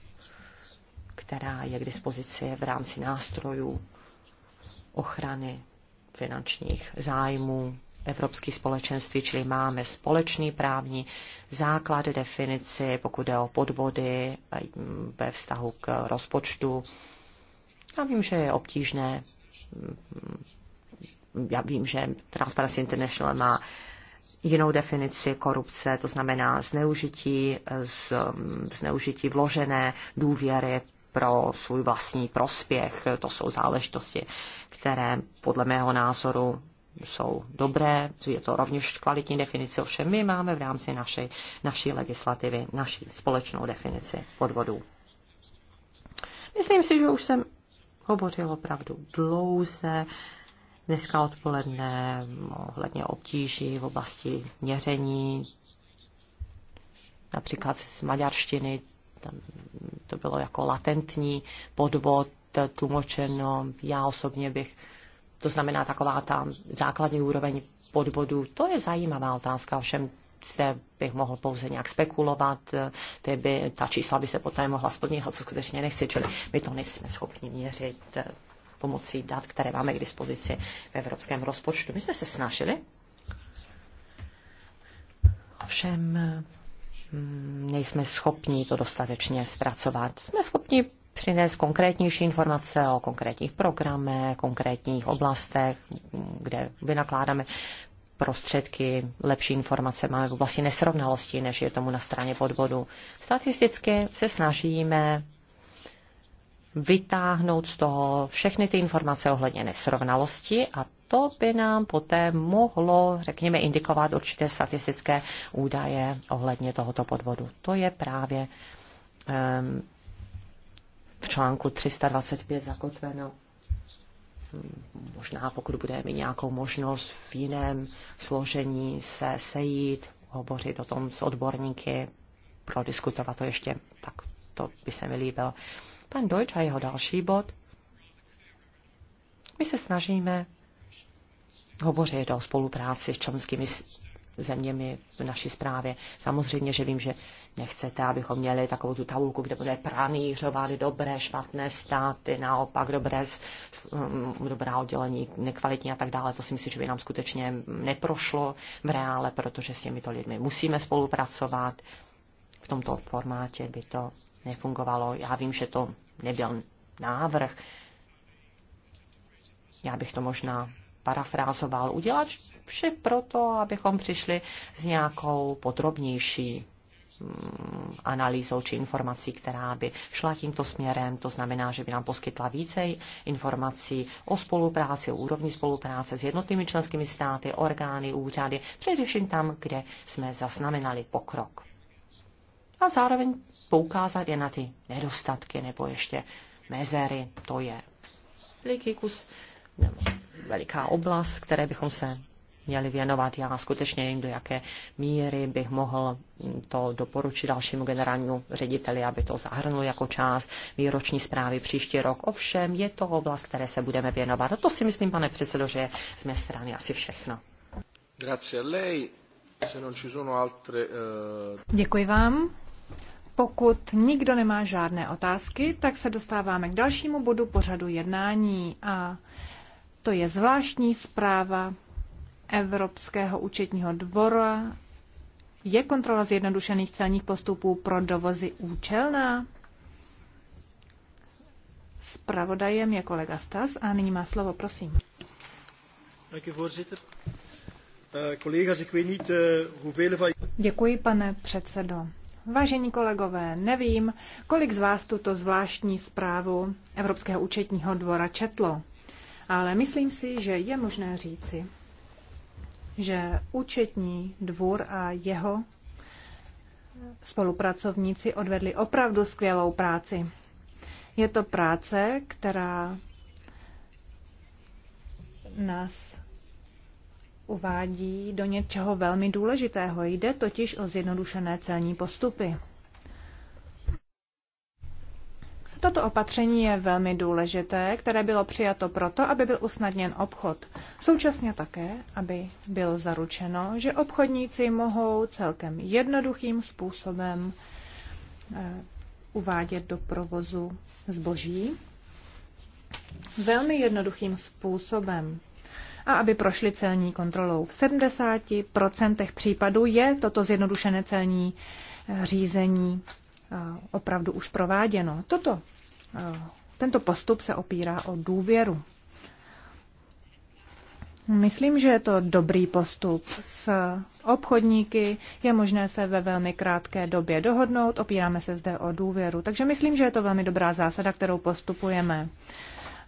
která je k dispozici v rámci nástrojů ochrany finančních zájmů evropských společenství, čili máme společný právní základ, definici, pokud jde o podvody ve vztahu k rozpočtu. Já vím, že je obtížné, mm, já vím, že Transparency International má jinou definici korupce, to znamená zneužití, z, zneužití vložené důvěry pro svůj vlastní prospěch. To jsou záležitosti, které podle mého názoru jsou dobré, je to rovněž kvalitní definice, ovšem my máme v rámci naší, naší legislativy naší společnou definici podvodů. Myslím si, že už jsem hovořil opravdu dlouze dneska odpoledne ohledně obtíží v oblasti měření, například z maďarštiny, tam to bylo jako latentní podvod tlumočeno. Já osobně bych to znamená taková ta základní úroveň podvodu. To je zajímavá otázka, ovšem zde bych mohl pouze nějak spekulovat, ty by, ta čísla by se poté mohla splnit, Ale co skutečně nechci, čili my to nejsme schopni měřit eh, pomocí dat, které máme k dispozici v evropském rozpočtu. My jsme se snažili, ovšem mm, nejsme schopni to dostatečně zpracovat. Jsme schopni přinést konkrétnější informace o konkrétních programech, konkrétních oblastech, kde vynakládáme prostředky, lepší informace, máme vlastně nesrovnalosti, než je tomu na straně podvodu. Statisticky se snažíme vytáhnout z toho všechny ty informace ohledně nesrovnalosti a to by nám poté mohlo, řekněme, indikovat určité statistické údaje ohledně tohoto podvodu. To je právě um, v článku 325 zakotveno. Možná pokud budeme mít nějakou možnost v jiném složení se sejít, hovořit o tom s odborníky, prodiskutovat to ještě, tak to by se mi líbilo. Pan Deutsch a jeho další bod. My se snažíme hovořit o spolupráci s členskými zeměmi v naší zprávě. Samozřejmě, že vím, že Nechcete, abychom měli takovou tu tabulku, kde bude pranířovat dobré, špatné státy, naopak dobré, mm, dobrá oddělení, nekvalitní a tak dále. To si myslím, že by nám skutečně neprošlo v reále, protože s těmito lidmi musíme spolupracovat. V tomto formátě by to nefungovalo. Já vím, že to nebyl návrh. Já bych to možná parafrázoval, udělat vše proto, abychom přišli s nějakou podrobnější Mm, analýzou či informací, která by šla tímto směrem. To znamená, že by nám poskytla více informací o spolupráci, o úrovni spolupráce s jednotlivými členskými státy, orgány, úřady, především tam, kde jsme zaznamenali pokrok. A zároveň poukázat je na ty nedostatky nebo ještě mezery. To je veliký kus, veliká oblast, které bychom se měli věnovat. Já skutečně nevím, do jaké míry bych mohl to doporučit dalšímu generálnímu řediteli, aby to zahrnul jako část výroční zprávy příští rok. Ovšem je to oblast, které se budeme věnovat. A to si myslím, pane předsedo, že z mé strany asi všechno. Grazie a lei. Se non ci sono altre, uh... Děkuji vám. Pokud nikdo nemá žádné otázky, tak se dostáváme k dalšímu bodu pořadu jednání a to je zvláštní zpráva Evropského účetního dvora. Je kontrola zjednodušených celních postupů pro dovozy účelná? Spravodajem je kolega Stas a nyní má slovo, prosím. Eh, eh, Děkuji, pane předsedo. Vážení kolegové, nevím, kolik z vás tuto zvláštní zprávu Evropského účetního dvora četlo, ale myslím si, že je možné říci, že účetní dvůr a jeho spolupracovníci odvedli opravdu skvělou práci. Je to práce, která nás uvádí do něčeho velmi důležitého. Jde totiž o zjednodušené celní postupy. Toto opatření je velmi důležité, které bylo přijato proto, aby byl usnadněn obchod. Současně také, aby bylo zaručeno, že obchodníci mohou celkem jednoduchým způsobem eh, uvádět do provozu zboží velmi jednoduchým způsobem a aby prošli celní kontrolou. V 70% případů je toto zjednodušené celní eh, řízení eh, opravdu už prováděno. Toto Eh, tento postup se opírá o důvěru. Myslím, že je to dobrý postup. S obchodníky je možné se ve velmi krátké době dohodnout, opíráme se zde o důvěru. Takže myslím, že je to velmi dobrá zásada, kterou postupujeme.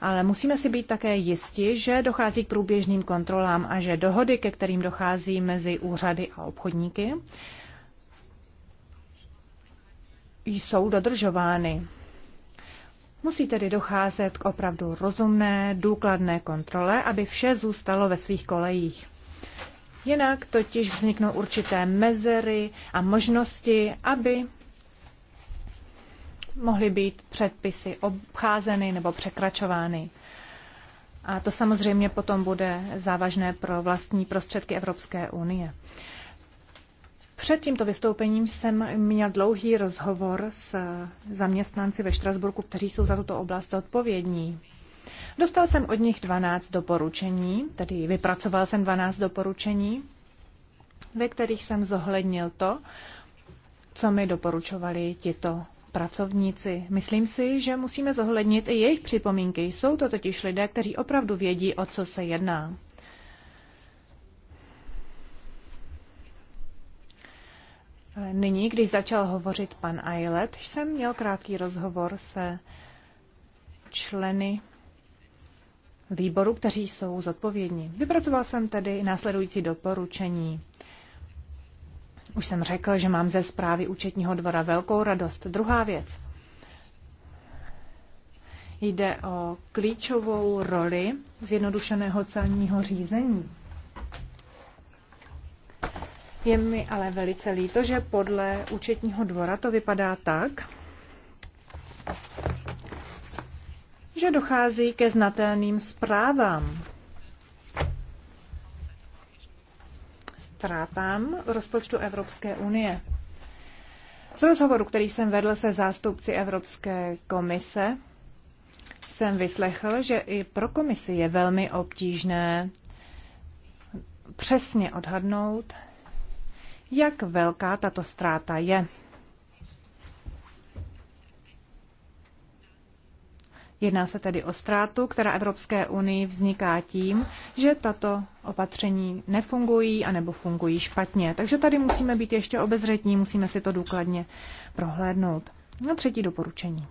Ale musíme si být také jisti, že dochází k průběžným kontrolám a že dohody, ke kterým dochází mezi úřady a obchodníky, jsou dodržovány. Musí tedy docházet k opravdu rozumné, důkladné kontrole, aby vše zůstalo ve svých kolejích. Jinak totiž vzniknou určité mezery a možnosti, aby mohly být předpisy obcházeny nebo překračovány. A to samozřejmě potom bude závažné pro vlastní prostředky Evropské unie. Před tímto vystoupením jsem měl dlouhý rozhovor s zaměstnanci ve Štrasburku, kteří jsou za tuto oblast odpovědní. Dostal jsem od nich 12 doporučení, tedy vypracoval jsem 12 doporučení, ve kterých jsem zohlednil to, co mi doporučovali tito pracovníci. Myslím si, že musíme zohlednit i jejich připomínky. Jsou to totiž lidé, kteří opravdu vědí, o co se jedná. Nyní, když začal hovořit pan Ailet, jsem měl krátký rozhovor se členy výboru, kteří jsou zodpovědní. Vypracoval jsem tedy následující doporučení. Už jsem řekl, že mám ze zprávy účetního dvora velkou radost. Druhá věc. Jde o klíčovou roli zjednodušeného celního řízení. Je mi ale velice líto, že podle účetního dvora to vypadá tak, že dochází ke znatelným zprávám. Ztrátám rozpočtu Evropské unie. Z rozhovoru, který jsem vedl se zástupci Evropské komise, jsem vyslechl, že i pro komisi je velmi obtížné přesně odhadnout, jak velká tato ztráta je. Jedná se tedy o ztrátu, která Evropské unii vzniká tím, že tato opatření nefungují anebo fungují špatně. Takže tady musíme být ještě obezřetní, musíme si to důkladně prohlédnout. Na třetí doporučení.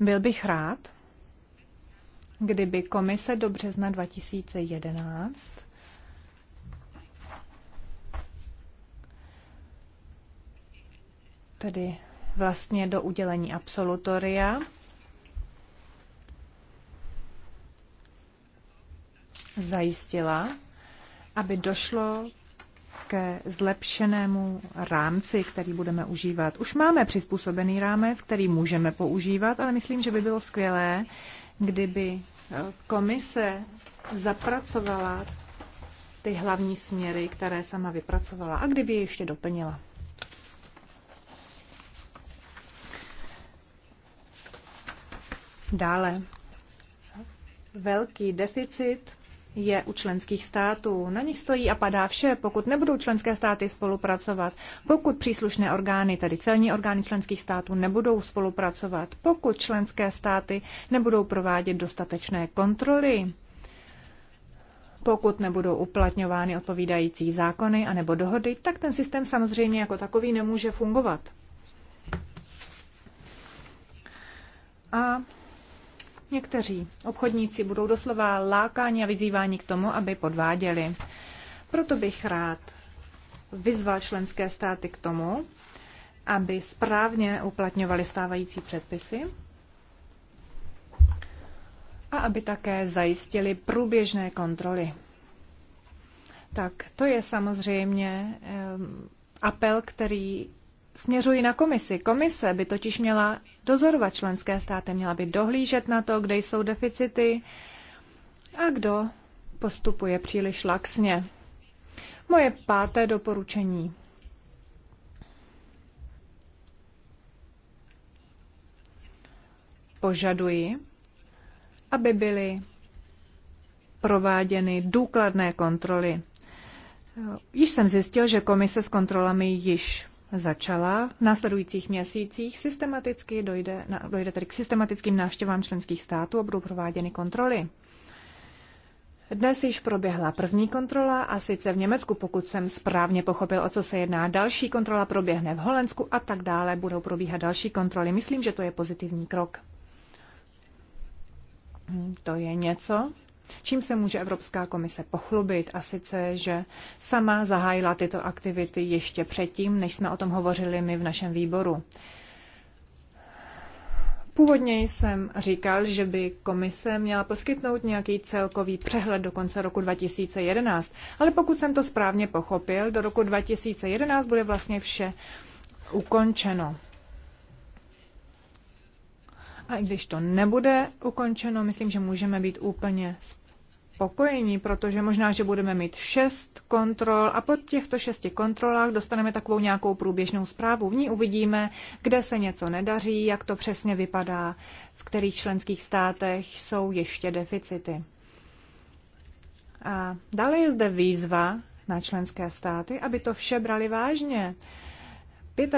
Byl bych rád, kdyby komise do března 2011 tedy vlastně do udělení absolutoria. Zajistila, aby došlo ke zlepšenému rámci, který budeme užívat. Už máme přizpůsobený rámec, který můžeme používat, ale myslím, že by bylo skvělé, kdyby eh, komise zapracovala ty hlavní směry, které sama vypracovala a kdyby je ještě doplnila. Dále. Velký deficit je u členských států. Na nich stojí a padá vše, pokud nebudou členské státy spolupracovat, pokud příslušné orgány, tedy celní orgány členských států, nebudou spolupracovat, pokud členské státy nebudou provádět dostatečné kontroly, pokud nebudou uplatňovány odpovídající zákony anebo dohody, tak ten systém samozřejmě jako takový nemůže fungovat. A Někteří obchodníci budou doslova lákáni a vyzýváni k tomu, aby podváděli. Proto bych rád vyzval členské státy k tomu, aby správně uplatňovali stávající předpisy a aby také zajistili průběžné kontroly. Tak to je samozřejmě apel, který Směřuji na komisi. Komise by totiž měla dozorovat členské státy, měla by dohlížet na to, kde jsou deficity a kdo postupuje příliš laxně. Moje páté doporučení. Požaduji, aby byly prováděny důkladné kontroly. Již jsem zjistil, že komise s kontrolami již začala. V následujících měsících systematicky dojde, dojde tedy k systematickým návštěvám členských států a budou prováděny kontroly. Dnes již proběhla první kontrola a sice v Německu, pokud jsem správně pochopil, o co se jedná. Další kontrola proběhne v Holandsku a tak dále. Budou probíhat další kontroly. Myslím, že to je pozitivní krok. To je něco, Čím se může Evropská komise pochlubit a sice, že sama zahájila tyto aktivity ještě předtím, než jsme o tom hovořili my v našem výboru. Původně jsem říkal, že by komise měla poskytnout nějaký celkový přehled do konce roku 2011, ale pokud jsem to správně pochopil, do roku 2011 bude vlastně vše ukončeno. A i když to nebude ukončeno, myslím, že můžeme být úplně spokojení, protože možná, že budeme mít šest kontrol a po těchto šesti kontrolách dostaneme takovou nějakou průběžnou zprávu. V ní uvidíme, kde se něco nedaří, jak to přesně vypadá, v kterých členských státech jsou ještě deficity. A dále je zde výzva na členské státy, aby to vše brali vážně.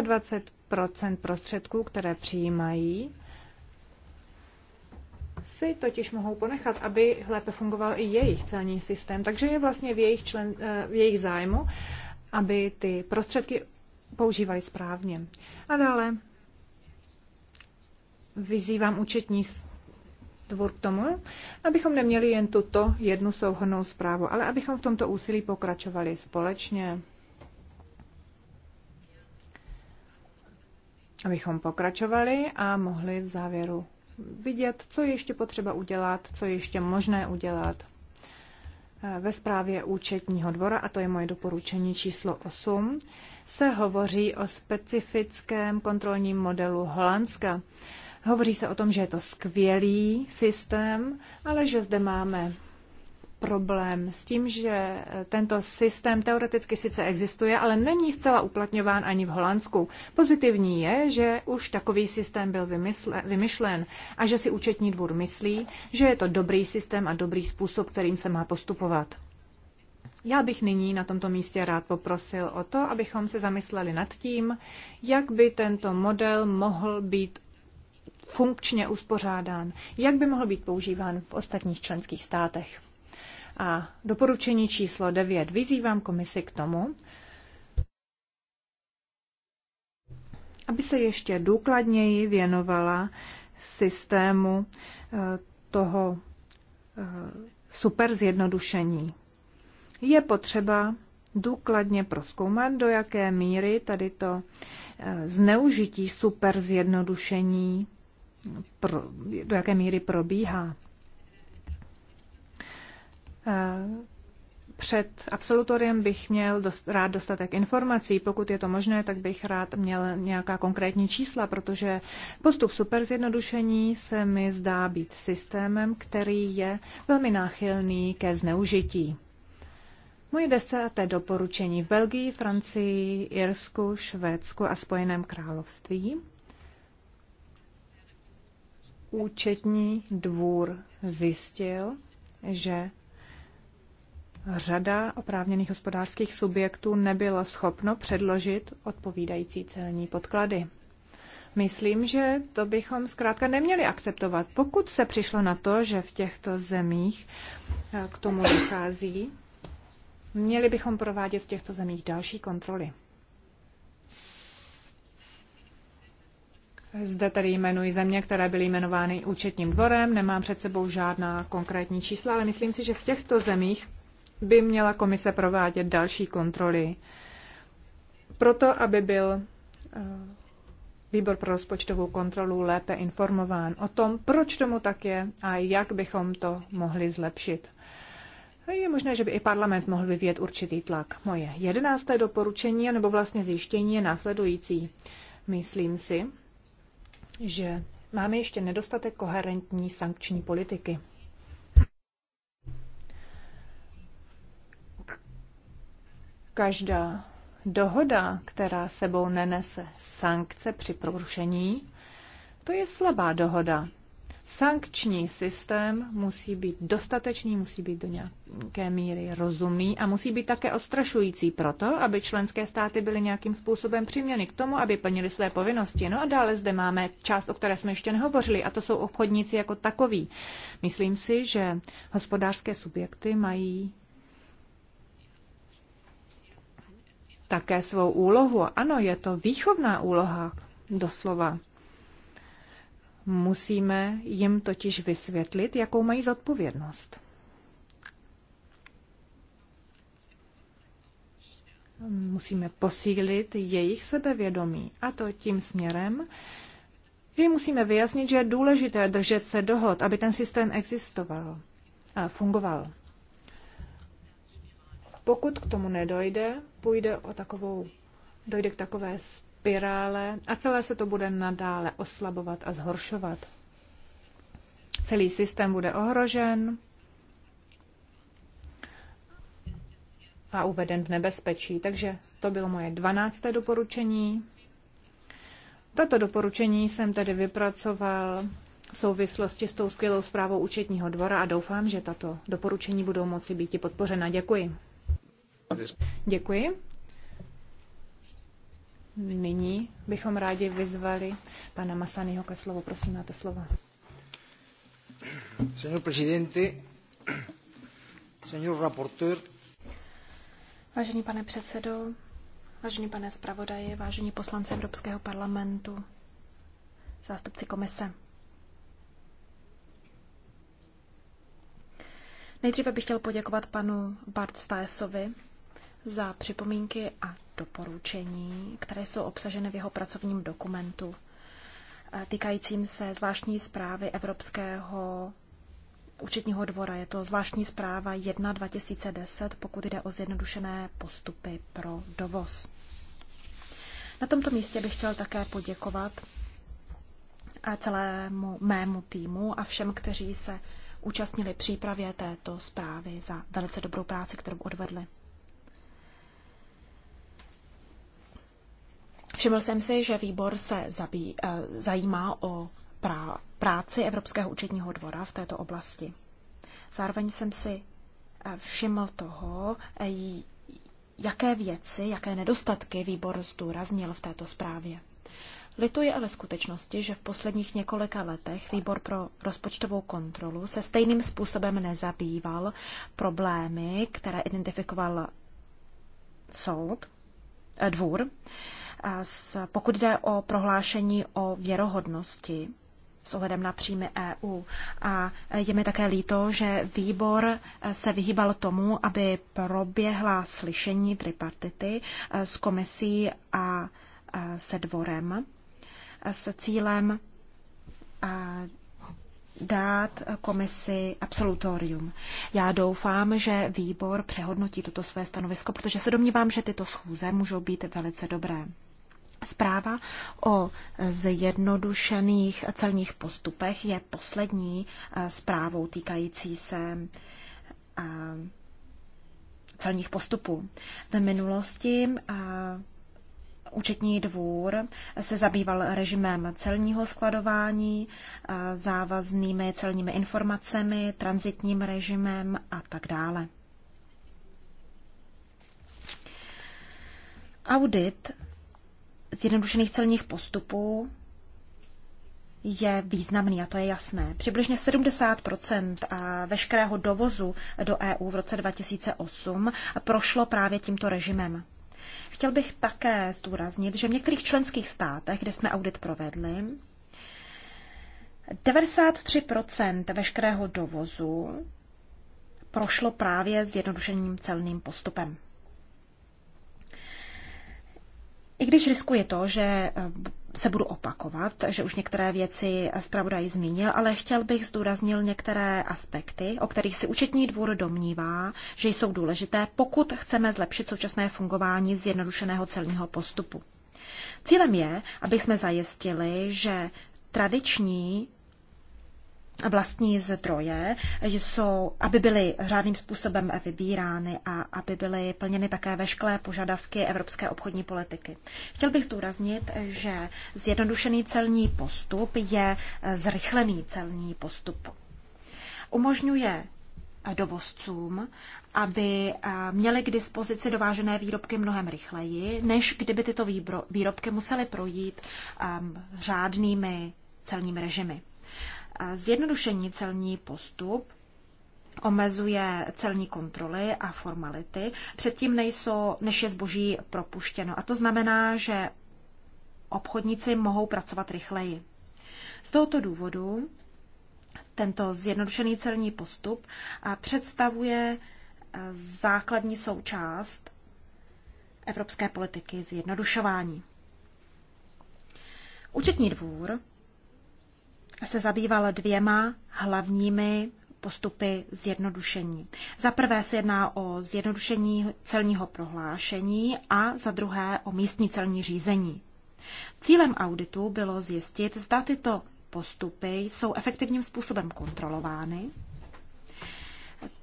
25 prostředků, které přijímají, si totiž mohou ponechat, aby lépe fungoval i jejich celní systém. Takže je vlastně v jejich, člen, eh, v jejich zájmu, aby ty prostředky používali správně. A dále vyzývám účetní tvor k tomu, abychom neměli jen tuto jednu souhrnou zprávu, ale abychom v tomto úsilí pokračovali společně. Abychom pokračovali a mohli v závěru vidět, co je ještě potřeba udělat, co je ještě možné udělat eh, ve zprávě účetního dvora, a to je moje doporučení číslo 8, se hovoří o specifickém kontrolním modelu Holandska. Hovoří se o tom, že je to skvělý systém, ale že zde máme problém s tím, že eh, tento systém teoreticky sice existuje, ale není zcela uplatňován ani v Holandsku. Pozitivní je, že už takový systém byl vymysle, vymyšlen a že si účetní dvůr myslí, že je to dobrý systém a dobrý způsob, kterým se má postupovat. Já bych nyní na tomto místě rád poprosil o to, abychom se zamysleli nad tím, jak by tento model mohl být funkčně uspořádán, jak by mohl být používán v ostatních členských státech. A doporučení číslo 9. Vyzývám komisi k tomu, aby se ještě důkladněji věnovala systému eh, toho eh, super zjednodušení. Je potřeba důkladně proskoumat, do jaké míry tady to eh, zneužití super zjednodušení do jaké míry probíhá. Eh, před absolutoriem bych měl dost, rád dostatek informací. Pokud je to možné, tak bych rád měl nějaká konkrétní čísla, protože postup superzjednodušení se mi zdá být systémem, který je velmi náchylný ke zneužití. Moje desáté doporučení v Belgii, Francii, Irsku, Švédsku a Spojeném království. Účetní dvůr zjistil, že řada oprávněných hospodářských subjektů nebyla schopno předložit odpovídající celní podklady. Myslím, že to bychom zkrátka neměli akceptovat. Pokud se přišlo na to, že v těchto zemích eh, k tomu dochází, měli bychom provádět v těchto zemích další kontroly. Zde tady jmenuji země, které byly jmenovány účetním dvorem, nemám před sebou žádná konkrétní čísla, ale myslím si, že v těchto zemích by měla komise provádět další kontroly. Proto, aby byl eh, výbor pro rozpočtovou kontrolu lépe informován o tom, proč tomu tak je a jak bychom to mohli zlepšit. Je možné, že by i parlament mohl vyvíjet určitý tlak. Moje jedenácté doporučení, nebo vlastně zjištění, je následující. Myslím si, že máme ještě nedostatek koherentní sankční politiky. Každá dohoda, která sebou nenese sankce při porušení, to je slabá dohoda. Sankční systém musí být dostatečný, musí být do nějaké míry rozumný a musí být také ostrašující proto, aby členské státy byly nějakým způsobem přiměny k tomu, aby plnili své povinnosti. No a dále zde máme část, o které jsme ještě nehovořili, a to jsou obchodníci jako takový. Myslím si, že hospodářské subjekty mají také svou úlohu. Ano, je to výchovná úloha, doslova. Musíme jim totiž vysvětlit, jakou mají zodpovědnost. Musíme posílit jejich sebevědomí, a to tím směrem, že musíme vyjasnit, že je důležité držet se dohod, aby ten systém existoval a fungoval. Pokud k tomu nedojde, půjde o takovou, dojde k takové spirále a celé se to bude nadále oslabovat a zhoršovat. Celý systém bude ohrožen a uveden v nebezpečí. Takže to bylo moje dvanácté doporučení. Tato doporučení jsem tedy vypracoval v souvislosti s tou skvělou zprávou účetního dvora a doufám, že tato doporučení budou moci být podpořena. Děkuji. Děkuji. Nyní bychom rádi vyzvali pana Masanyho ke slovu. Prosím, máte slovo. Señor presidente, señor rapporteur. Vážený pane předsedo, vážený pane zpravodaji, vážení poslanci Evropského parlamentu, zástupci komise. Nejdříve bych chtěl poděkovat panu Bart Staesovi za připomínky a doporučení, které jsou obsaženy v jeho pracovním dokumentu eh, týkajícím se zvláštní zprávy Evropského účetního dvora. Je to zvláštní zpráva 1 2010, pokud jde o zjednodušené postupy pro dovoz. Na tomto místě bych chtěl také poděkovat a eh, celému mému týmu a všem, kteří se účastnili přípravě této zprávy za velice dobrou práci, kterou odvedli. Všiml jsem si, že výbor se zabí, eh, zajímá o prá, práci Evropského účetního dvora v této oblasti. Zároveň jsem si eh, všiml toho, eh, jaké věci, jaké nedostatky výbor zdůraznil v této zprávě. Lituje ale skutečnosti, že v posledních několika letech výbor pro rozpočtovou kontrolu se stejným způsobem nezabýval problémy, které identifikoval soud, dvůr, pokud jde o prohlášení o věrohodnosti s ohledem na příjmy EU. A je mi také líto, že výbor e, se vyhýbal tomu, aby proběhla slyšení tripartity e, s komisí a e, se dvorem s cílem dát komisi absolutorium. Já doufám, že výbor přehodnotí toto své stanovisko, protože se domnívám, že tyto schůze můžou být velice dobré. Zpráva o zjednodušených celních postupech je poslední eh, zprávou týkající se eh, celních postupů. V minulosti eh, Účetní dvůr se zabýval režimem celního skladování, závaznými celními informacemi, transitním režimem a tak dále. Audit zjednodušených celních postupů je významný a to je jasné. Přibližně 70 veškerého dovozu do EU v roce 2008 prošlo právě tímto režimem. Chtěl bych také zdůraznit, že v některých členských státech, kde jsme audit provedli, 93 veškerého dovozu prošlo právě zjednodušeným celným postupem. I když riskuje to, že eh, se budu opakovat, že už některé věci zpravodaj zmínil, ale chtěl bych zdůraznil některé aspekty, o kterých si účetní dvůr domnívá, že jsou důležité, pokud chceme zlepšit současné fungování zjednodušeného celního postupu. Cílem je, aby jsme zajistili, že tradiční vlastní zdroje, jsou, aby byly řádným způsobem vybírány a aby byly plněny také veškeré požadavky evropské obchodní politiky. Chtěl bych zdůraznit, že zjednodušený celní postup je zrychlený celní postup. Umožňuje dovozcům, aby eh, měli k dispozici dovážené výrobky mnohem rychleji, než kdyby tyto výrobky musely projít ehm, řádnými celními režimy. Zjednodušení celní postup omezuje celní kontroly a formality, předtím nejsou, než je zboží propuštěno. A to znamená, že obchodníci mohou pracovat rychleji. Z tohoto důvodu tento zjednodušený celní postup představuje e, základní součást evropské politiky zjednodušování. Účetní dvůr se zabýval dvěma hlavními postupy zjednodušení. Za prvé se jedná o zjednodušení celního prohlášení a za druhé o místní celní řízení. Cílem auditu bylo zjistit, zda tyto postupy jsou efektivním způsobem kontrolovány,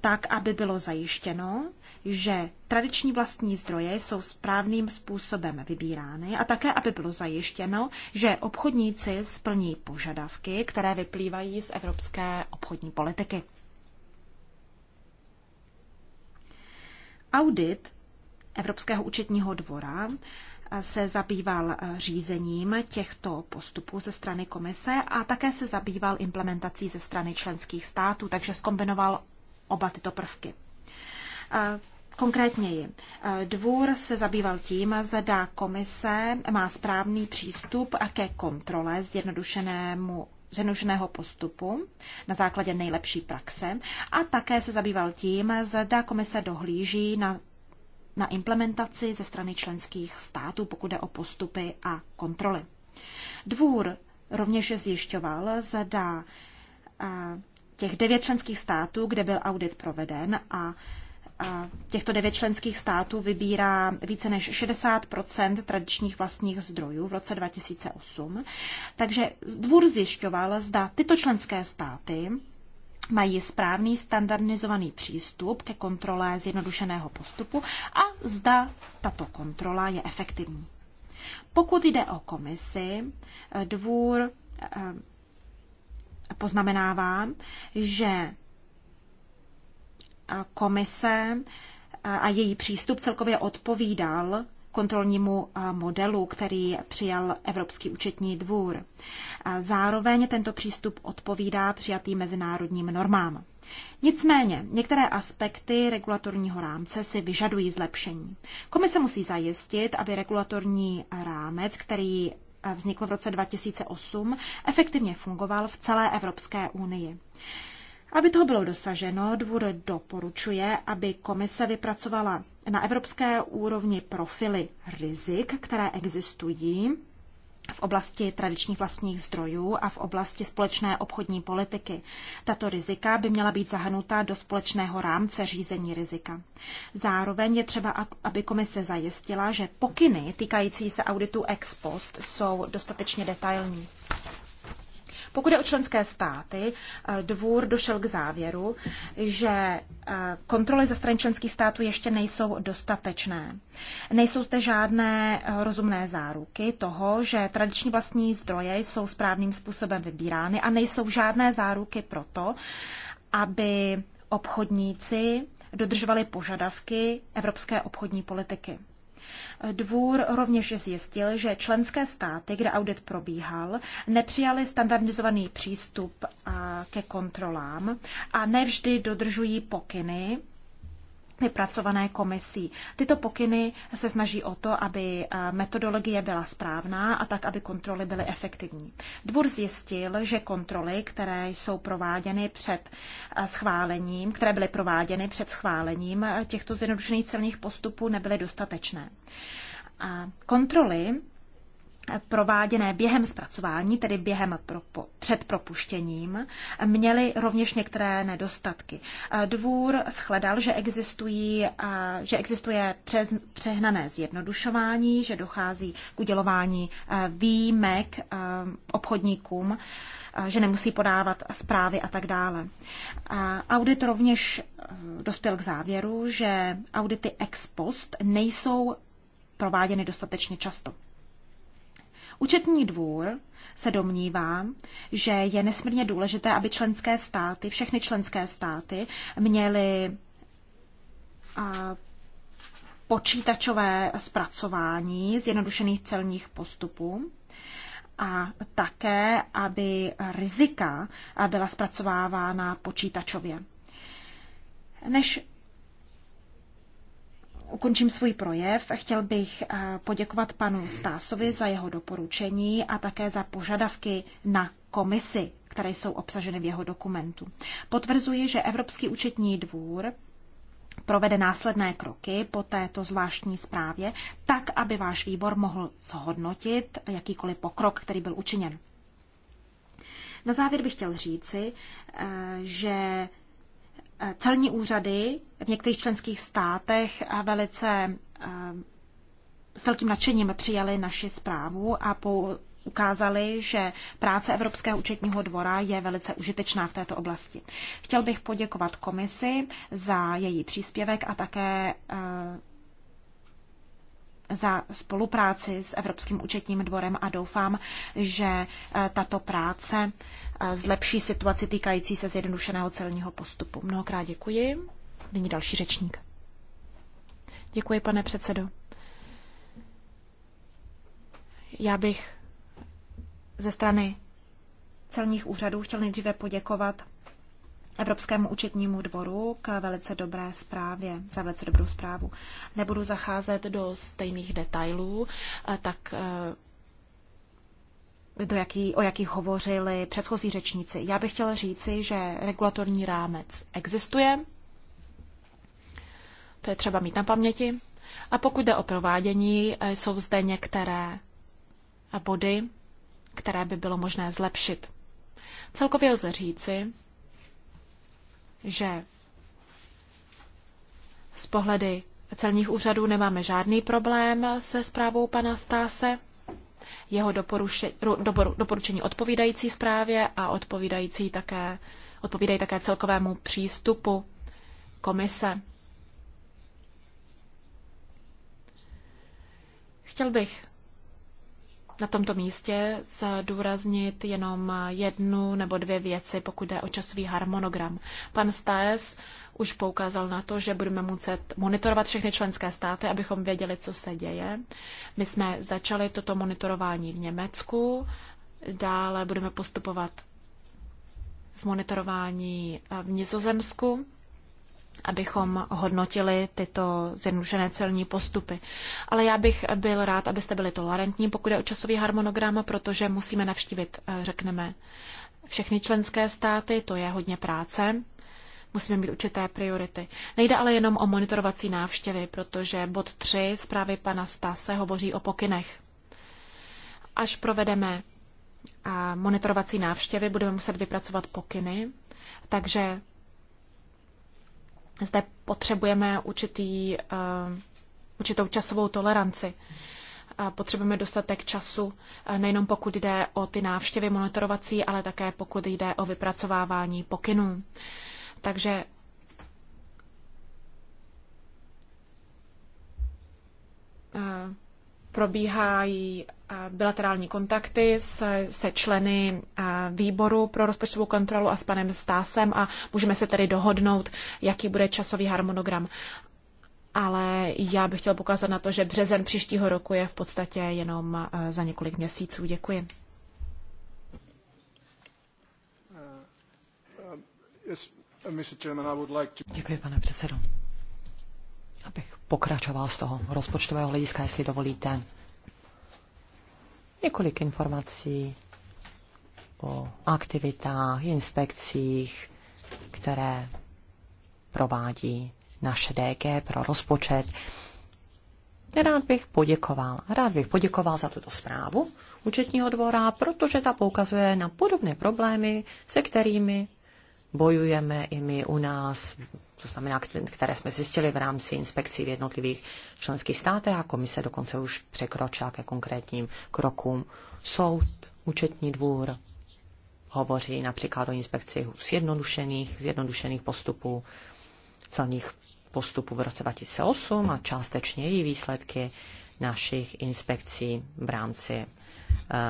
tak, aby bylo zajištěno, že tradiční vlastní zdroje jsou správným způsobem vybírány a také, aby bylo zajištěno, že obchodníci splní požadavky, které vyplývají z evropské obchodní politiky. Audit Evropského účetního dvora se zabýval řízením těchto postupů ze strany komise a také se zabýval implementací ze strany členských států, takže skombinoval oba tyto prvky. Konkrétněji, eh, dvůr se zabýval tím, zda komise má správný přístup a ke kontrole zjednodušenému zjednodušeného postupu na základě nejlepší praxe a také se zabýval tím, zda komise dohlíží na, na implementaci ze strany členských států, pokud jde o postupy a kontroly. Dvůr rovněž zjišťoval, zda eh, těch devět členských států, kde byl audit proveden a těchto devět členských států vybírá více než 60 tradičních vlastních zdrojů v roce 2008. Takže dvůr zjišťoval, zda tyto členské státy mají správný standardizovaný přístup ke kontrole zjednodušeného postupu a zda tato kontrola je efektivní. Pokud jde o komisi, dvůr eh, poznamenává, že komise a její přístup celkově odpovídal kontrolnímu modelu, který přijal Evropský účetní dvůr. Zároveň tento přístup odpovídá přijatým mezinárodním normám. Nicméně, některé aspekty regulatorního rámce si vyžadují zlepšení. Komise musí zajistit, aby regulatorní rámec, který vznikl v roce 2008, efektivně fungoval v celé Evropské unii. Aby toho bylo dosaženo, dvůr doporučuje, aby komise vypracovala na evropské úrovni profily rizik, které existují v oblasti tradičních vlastních zdrojů a v oblasti společné obchodní politiky. Tato rizika by měla být zahrnuta do společného rámce řízení rizika. Zároveň je třeba, aby komise zajistila, že pokyny týkající se auditu ex post jsou dostatečně detailní. Pokud je o členské státy, eh, dvůr došel k závěru, že eh, kontroly ze strany členských států ještě nejsou dostatečné. Nejsou zde žádné eh, rozumné záruky toho, že tradiční vlastní zdroje jsou správným způsobem vybírány a nejsou žádné záruky pro to, aby obchodníci dodržovali požadavky evropské obchodní politiky. Dvůr rovněž zjistil, že členské státy, kde audit probíhal, nepřijali standardizovaný přístup ke kontrolám a nevždy dodržují pokyny vypracované komisí. Tyto pokyny se snaží o to, aby eh, metodologie byla správná a tak, aby kontroly byly efektivní. Dvůr zjistil, že kontroly, které jsou prováděny před eh, schválením, které byly prováděny před schválením eh, těchto zjednodušených celních postupů, nebyly dostatečné. Kontroly prováděné během zpracování, tedy během pro, po, před propuštěním, měly rovněž některé nedostatky. Eh, dvůr shledal, že, existují, eh, že existuje přehnané zjednodušování, že dochází k udělování eh, výjimek obchodníkům, že nemusí podávat zprávy a tak dále. Audit rovněž dospěl k závěru, že audity ex post nejsou prováděny dostatečně často. Účetní dvůr se domnívá, že je nesmírně důležité, aby členské státy, všechny členské státy, měly počítačové zpracování zjednodušených celních postupů a také, aby rizika byla zpracovávána počítačově. Než ukončím svůj projev. Chtěl bych eh, poděkovat panu Stásovi za jeho doporučení a také za požadavky na komisi, které jsou obsaženy v jeho dokumentu. Potvrzuji, že Evropský účetní dvůr provede následné kroky po této zvláštní zprávě, tak, aby váš výbor mohl zhodnotit jakýkoliv pokrok, který byl učiněn. Na závěr bych chtěl říci, eh, že Eh, celní úřady v některých členských státech a velice eh, s velkým nadšením přijali naši zprávu a po ukázali, že práce Evropského účetního dvora je velice užitečná v této oblasti. Chtěl bych poděkovat komisi za její příspěvek a také eh, za spolupráci s Evropským účetním dvorem a doufám, že tato práce zlepší situaci týkající se zjednodušeného celního postupu. Mnohokrát děkuji. Nyní další řečník. Děkuji, pane předsedo. Já bych ze strany celních úřadů chtěl nejdříve poděkovat Evropskému účetnímu dvoru k velice dobré zprávě, za velice dobrou zprávu. Nebudu zacházet do stejných detailů, eh, tak eh, do jaký, o jakých hovořili předchozí řečníci. Já bych chtěla říci, že regulatorní rámec existuje, to je třeba mít na paměti. A pokud jde o provádění, eh, jsou zde některé body, které by bylo možné zlepšit. Celkově lze říci, že z pohledy celních úřadů nemáme žádný problém se zprávou pana Stáse jeho doporučení odpovídající zprávě a odpovídající také, odpovídají také celkovému přístupu komise. Chtěl bych na tomto místě zdůraznit jenom jednu nebo dvě věci, pokud jde o časový harmonogram. Pan Staes už poukázal na to, že budeme muset monitorovat všechny členské státy, abychom věděli, co se děje. My jsme začali toto monitorování v Německu, dále budeme postupovat v monitorování eh, v Nizozemsku, abychom hodnotili tyto zjednodušené celní postupy. Ale já bych byl rád, abyste byli tolerantní, pokud je o časový harmonogram, protože musíme navštívit, eh, řekneme, všechny členské státy, to je hodně práce. Musíme mít určité priority. Nejde ale jenom o monitorovací návštěvy, protože bod 3 zprávy pana Stase hovoří o pokynech. Až provedeme monitorovací návštěvy, budeme muset vypracovat pokyny, takže zde potřebujeme určitý, určitou časovou toleranci. Potřebujeme dostatek času, nejenom pokud jde o ty návštěvy monitorovací, ale také pokud jde o vypracovávání pokynů. Takže eh, probíhají eh, bilaterální kontakty se, se členy eh, výboru pro rozpočtovou kontrolu a s panem Stásem a můžeme se tedy dohodnout, jaký bude časový harmonogram. Ale já bych chtěl pokázat na to, že březen příštího roku je v podstatě jenom za několik měsíců. Děkuji. Uh, uh, Děkuji, pane předsedo. Abych pokračoval z toho rozpočtového hlediska, jestli dovolíte. Několik informací o aktivitách, inspekcích, které provádí naše DG pro rozpočet. Rád bych poděkoval. Rád bych poděkoval za tuto zprávu účetního dvora, protože ta poukazuje na podobné problémy, se kterými bojujeme i my u nás, to znamená, které jsme zjistili v rámci inspekcí v jednotlivých členských státech a komise dokonce už překročila ke konkrétním krokům. Soud, účetní dvůr, hovoří například o inspekci zjednodušených, zjednodušených postupů, celních postupů v roce 2008 a částečně i výsledky našich inspekcí v rámci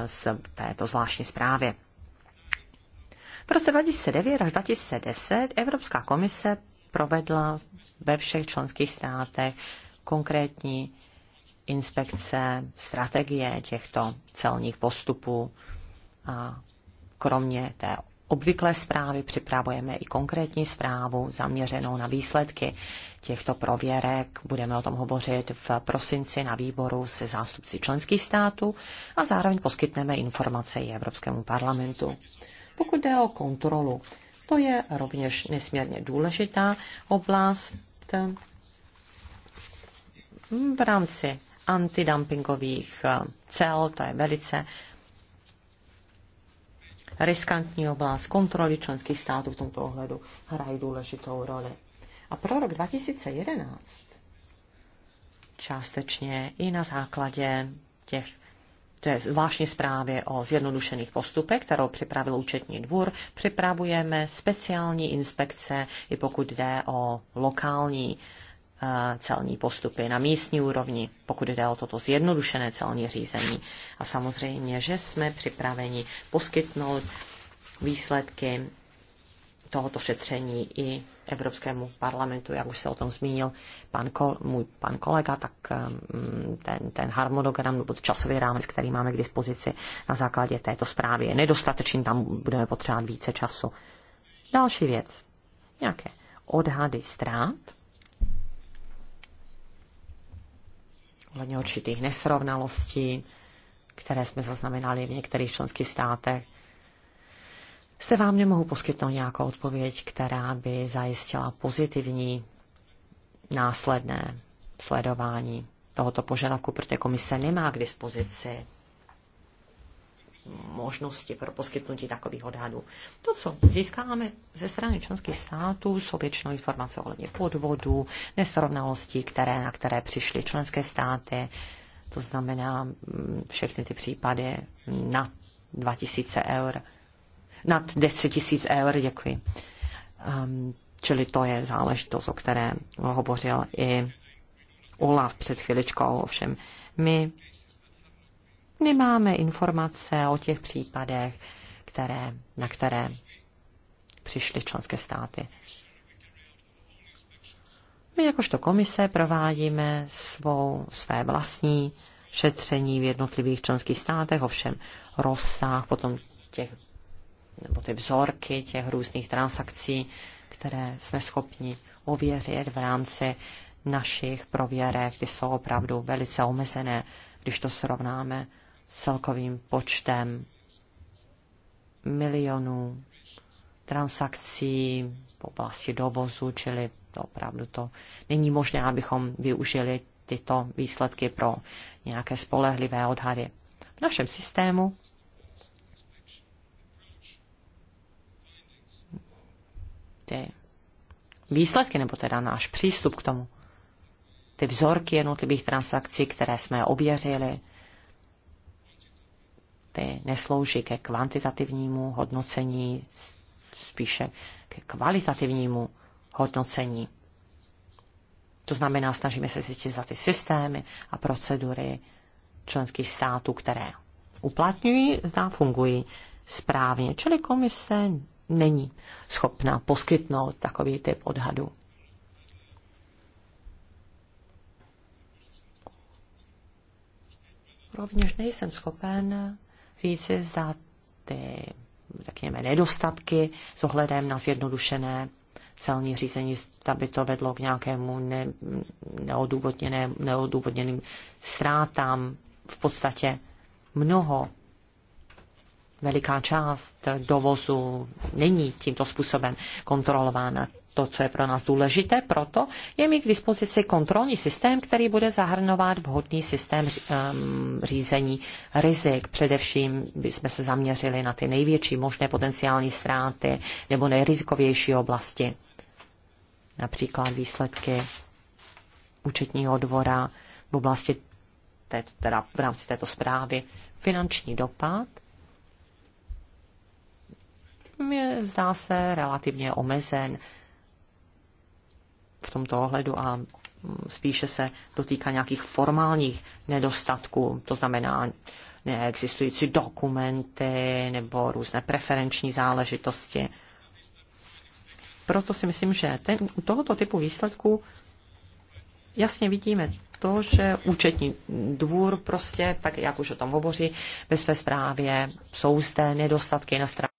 z eh, této zvláštní zprávy. V roce 2009 až 2010 Evropská komise provedla ve všech členských státech konkrétní inspekce, strategie těchto celních postupů a kromě té obvyklé zprávy připravujeme i konkrétní zprávu zaměřenou na výsledky těchto prověrek. Budeme o tom hovořit v prosinci na výboru se zástupci členských států a zároveň poskytneme informace i Evropskému parlamentu. Pokud jde o kontrolu, to je rovněž nesmírně důležitá oblast v rámci antidumpingových cel, to je velice riskantní oblast, kontroly členských států v tomto ohledu hrají důležitou roli. A pro rok 2011 částečně i na základě těch to je zvláštní zprávě o zjednodušených postupech, kterou připravil účetní dvůr. Připravujeme speciální inspekce, i pokud jde o lokální uh, celní postupy na místní úrovni, pokud jde o toto zjednodušené celní řízení. A samozřejmě, že jsme připraveni poskytnout výsledky tohoto šetření i Evropskému parlamentu, jak už se o tom zmínil pan kol, můj pan kolega, tak um, ten, ten harmonogram nebo časový rámec, který máme k dispozici na základě této zprávy, je nedostatečný, tam budeme potřebovat více času. Další věc. Nějaké odhady ztrát ohledně určitých nesrovnalostí, které jsme zaznamenali v některých členských státech. Zde vám nemohu poskytnout nějakou odpověď, která by zajistila pozitivní následné sledování tohoto požadavku, protože komise nemá k dispozici možnosti pro poskytnutí takových odhadů. To, co získáme ze strany členských států, jsou většinou informace ohledně podvodů, nesrovnalostí, které, na které přišly členské státy, to znamená mm, všechny ty případy na 2000 eur, nad 10 000 eur, děkuji. Um, čili to je záležitost, o které hovořil i Olaf před chviličkou, ovšem my my máme informace o těch případech, které, na které přišly členské státy. My jakožto komise provádíme svou, své vlastní šetření v jednotlivých členských státech, ovšem rozsah potom těch, nebo ty vzorky těch různých transakcí, které jsme schopni ověřit v rámci našich prověrek, ty jsou opravdu velice omezené, když to srovnáme s celkovým počtem milionů transakcí v oblasti dovozu, čili to opravdu to není možné, abychom využili tyto výsledky pro nějaké spolehlivé odhady. V našem systému ty výsledky, nebo teda náš přístup k tomu, ty vzorky jednotlivých transakcí, které jsme ověřili, ty neslouží ke kvantitativnímu hodnocení, spíše ke kvalitativnímu hodnocení. To znamená, snažíme se zjistit za ty systémy a procedury členských států, které uplatňují, zdá fungují správně. Čili komise není schopná poskytnout takový typ odhadu. Rovněž nejsem schopen se zda ty, řekněme, nedostatky s ohledem na zjednodušené celní řízení, aby to vedlo k nějakému ne, neodůvodněné, neodůvodněným ztrátám. V podstatě mnoho veliká část dovozu není tímto způsobem kontrolována. To, co je pro nás důležité, proto je mít k dispozici kontrolní systém, který bude zahrnovat vhodný systém eh, řízení rizik. Především bychom se zaměřili na ty největší možné potenciální ztráty nebo nejrizikovější oblasti. Například výsledky účetního dvora v oblasti teda v rámci této zprávy finanční dopad je, zdá se, relativně omezen v tomto ohledu a spíše se dotýká nějakých formálních nedostatků, to znamená neexistující dokumenty nebo různé preferenční záležitosti. Proto si myslím, že ten, u tohoto typu výsledku jasně vidíme to, že účetní dvůr prostě, tak jak už o tom hovoří, ve své zprávě jsou zde nedostatky na straně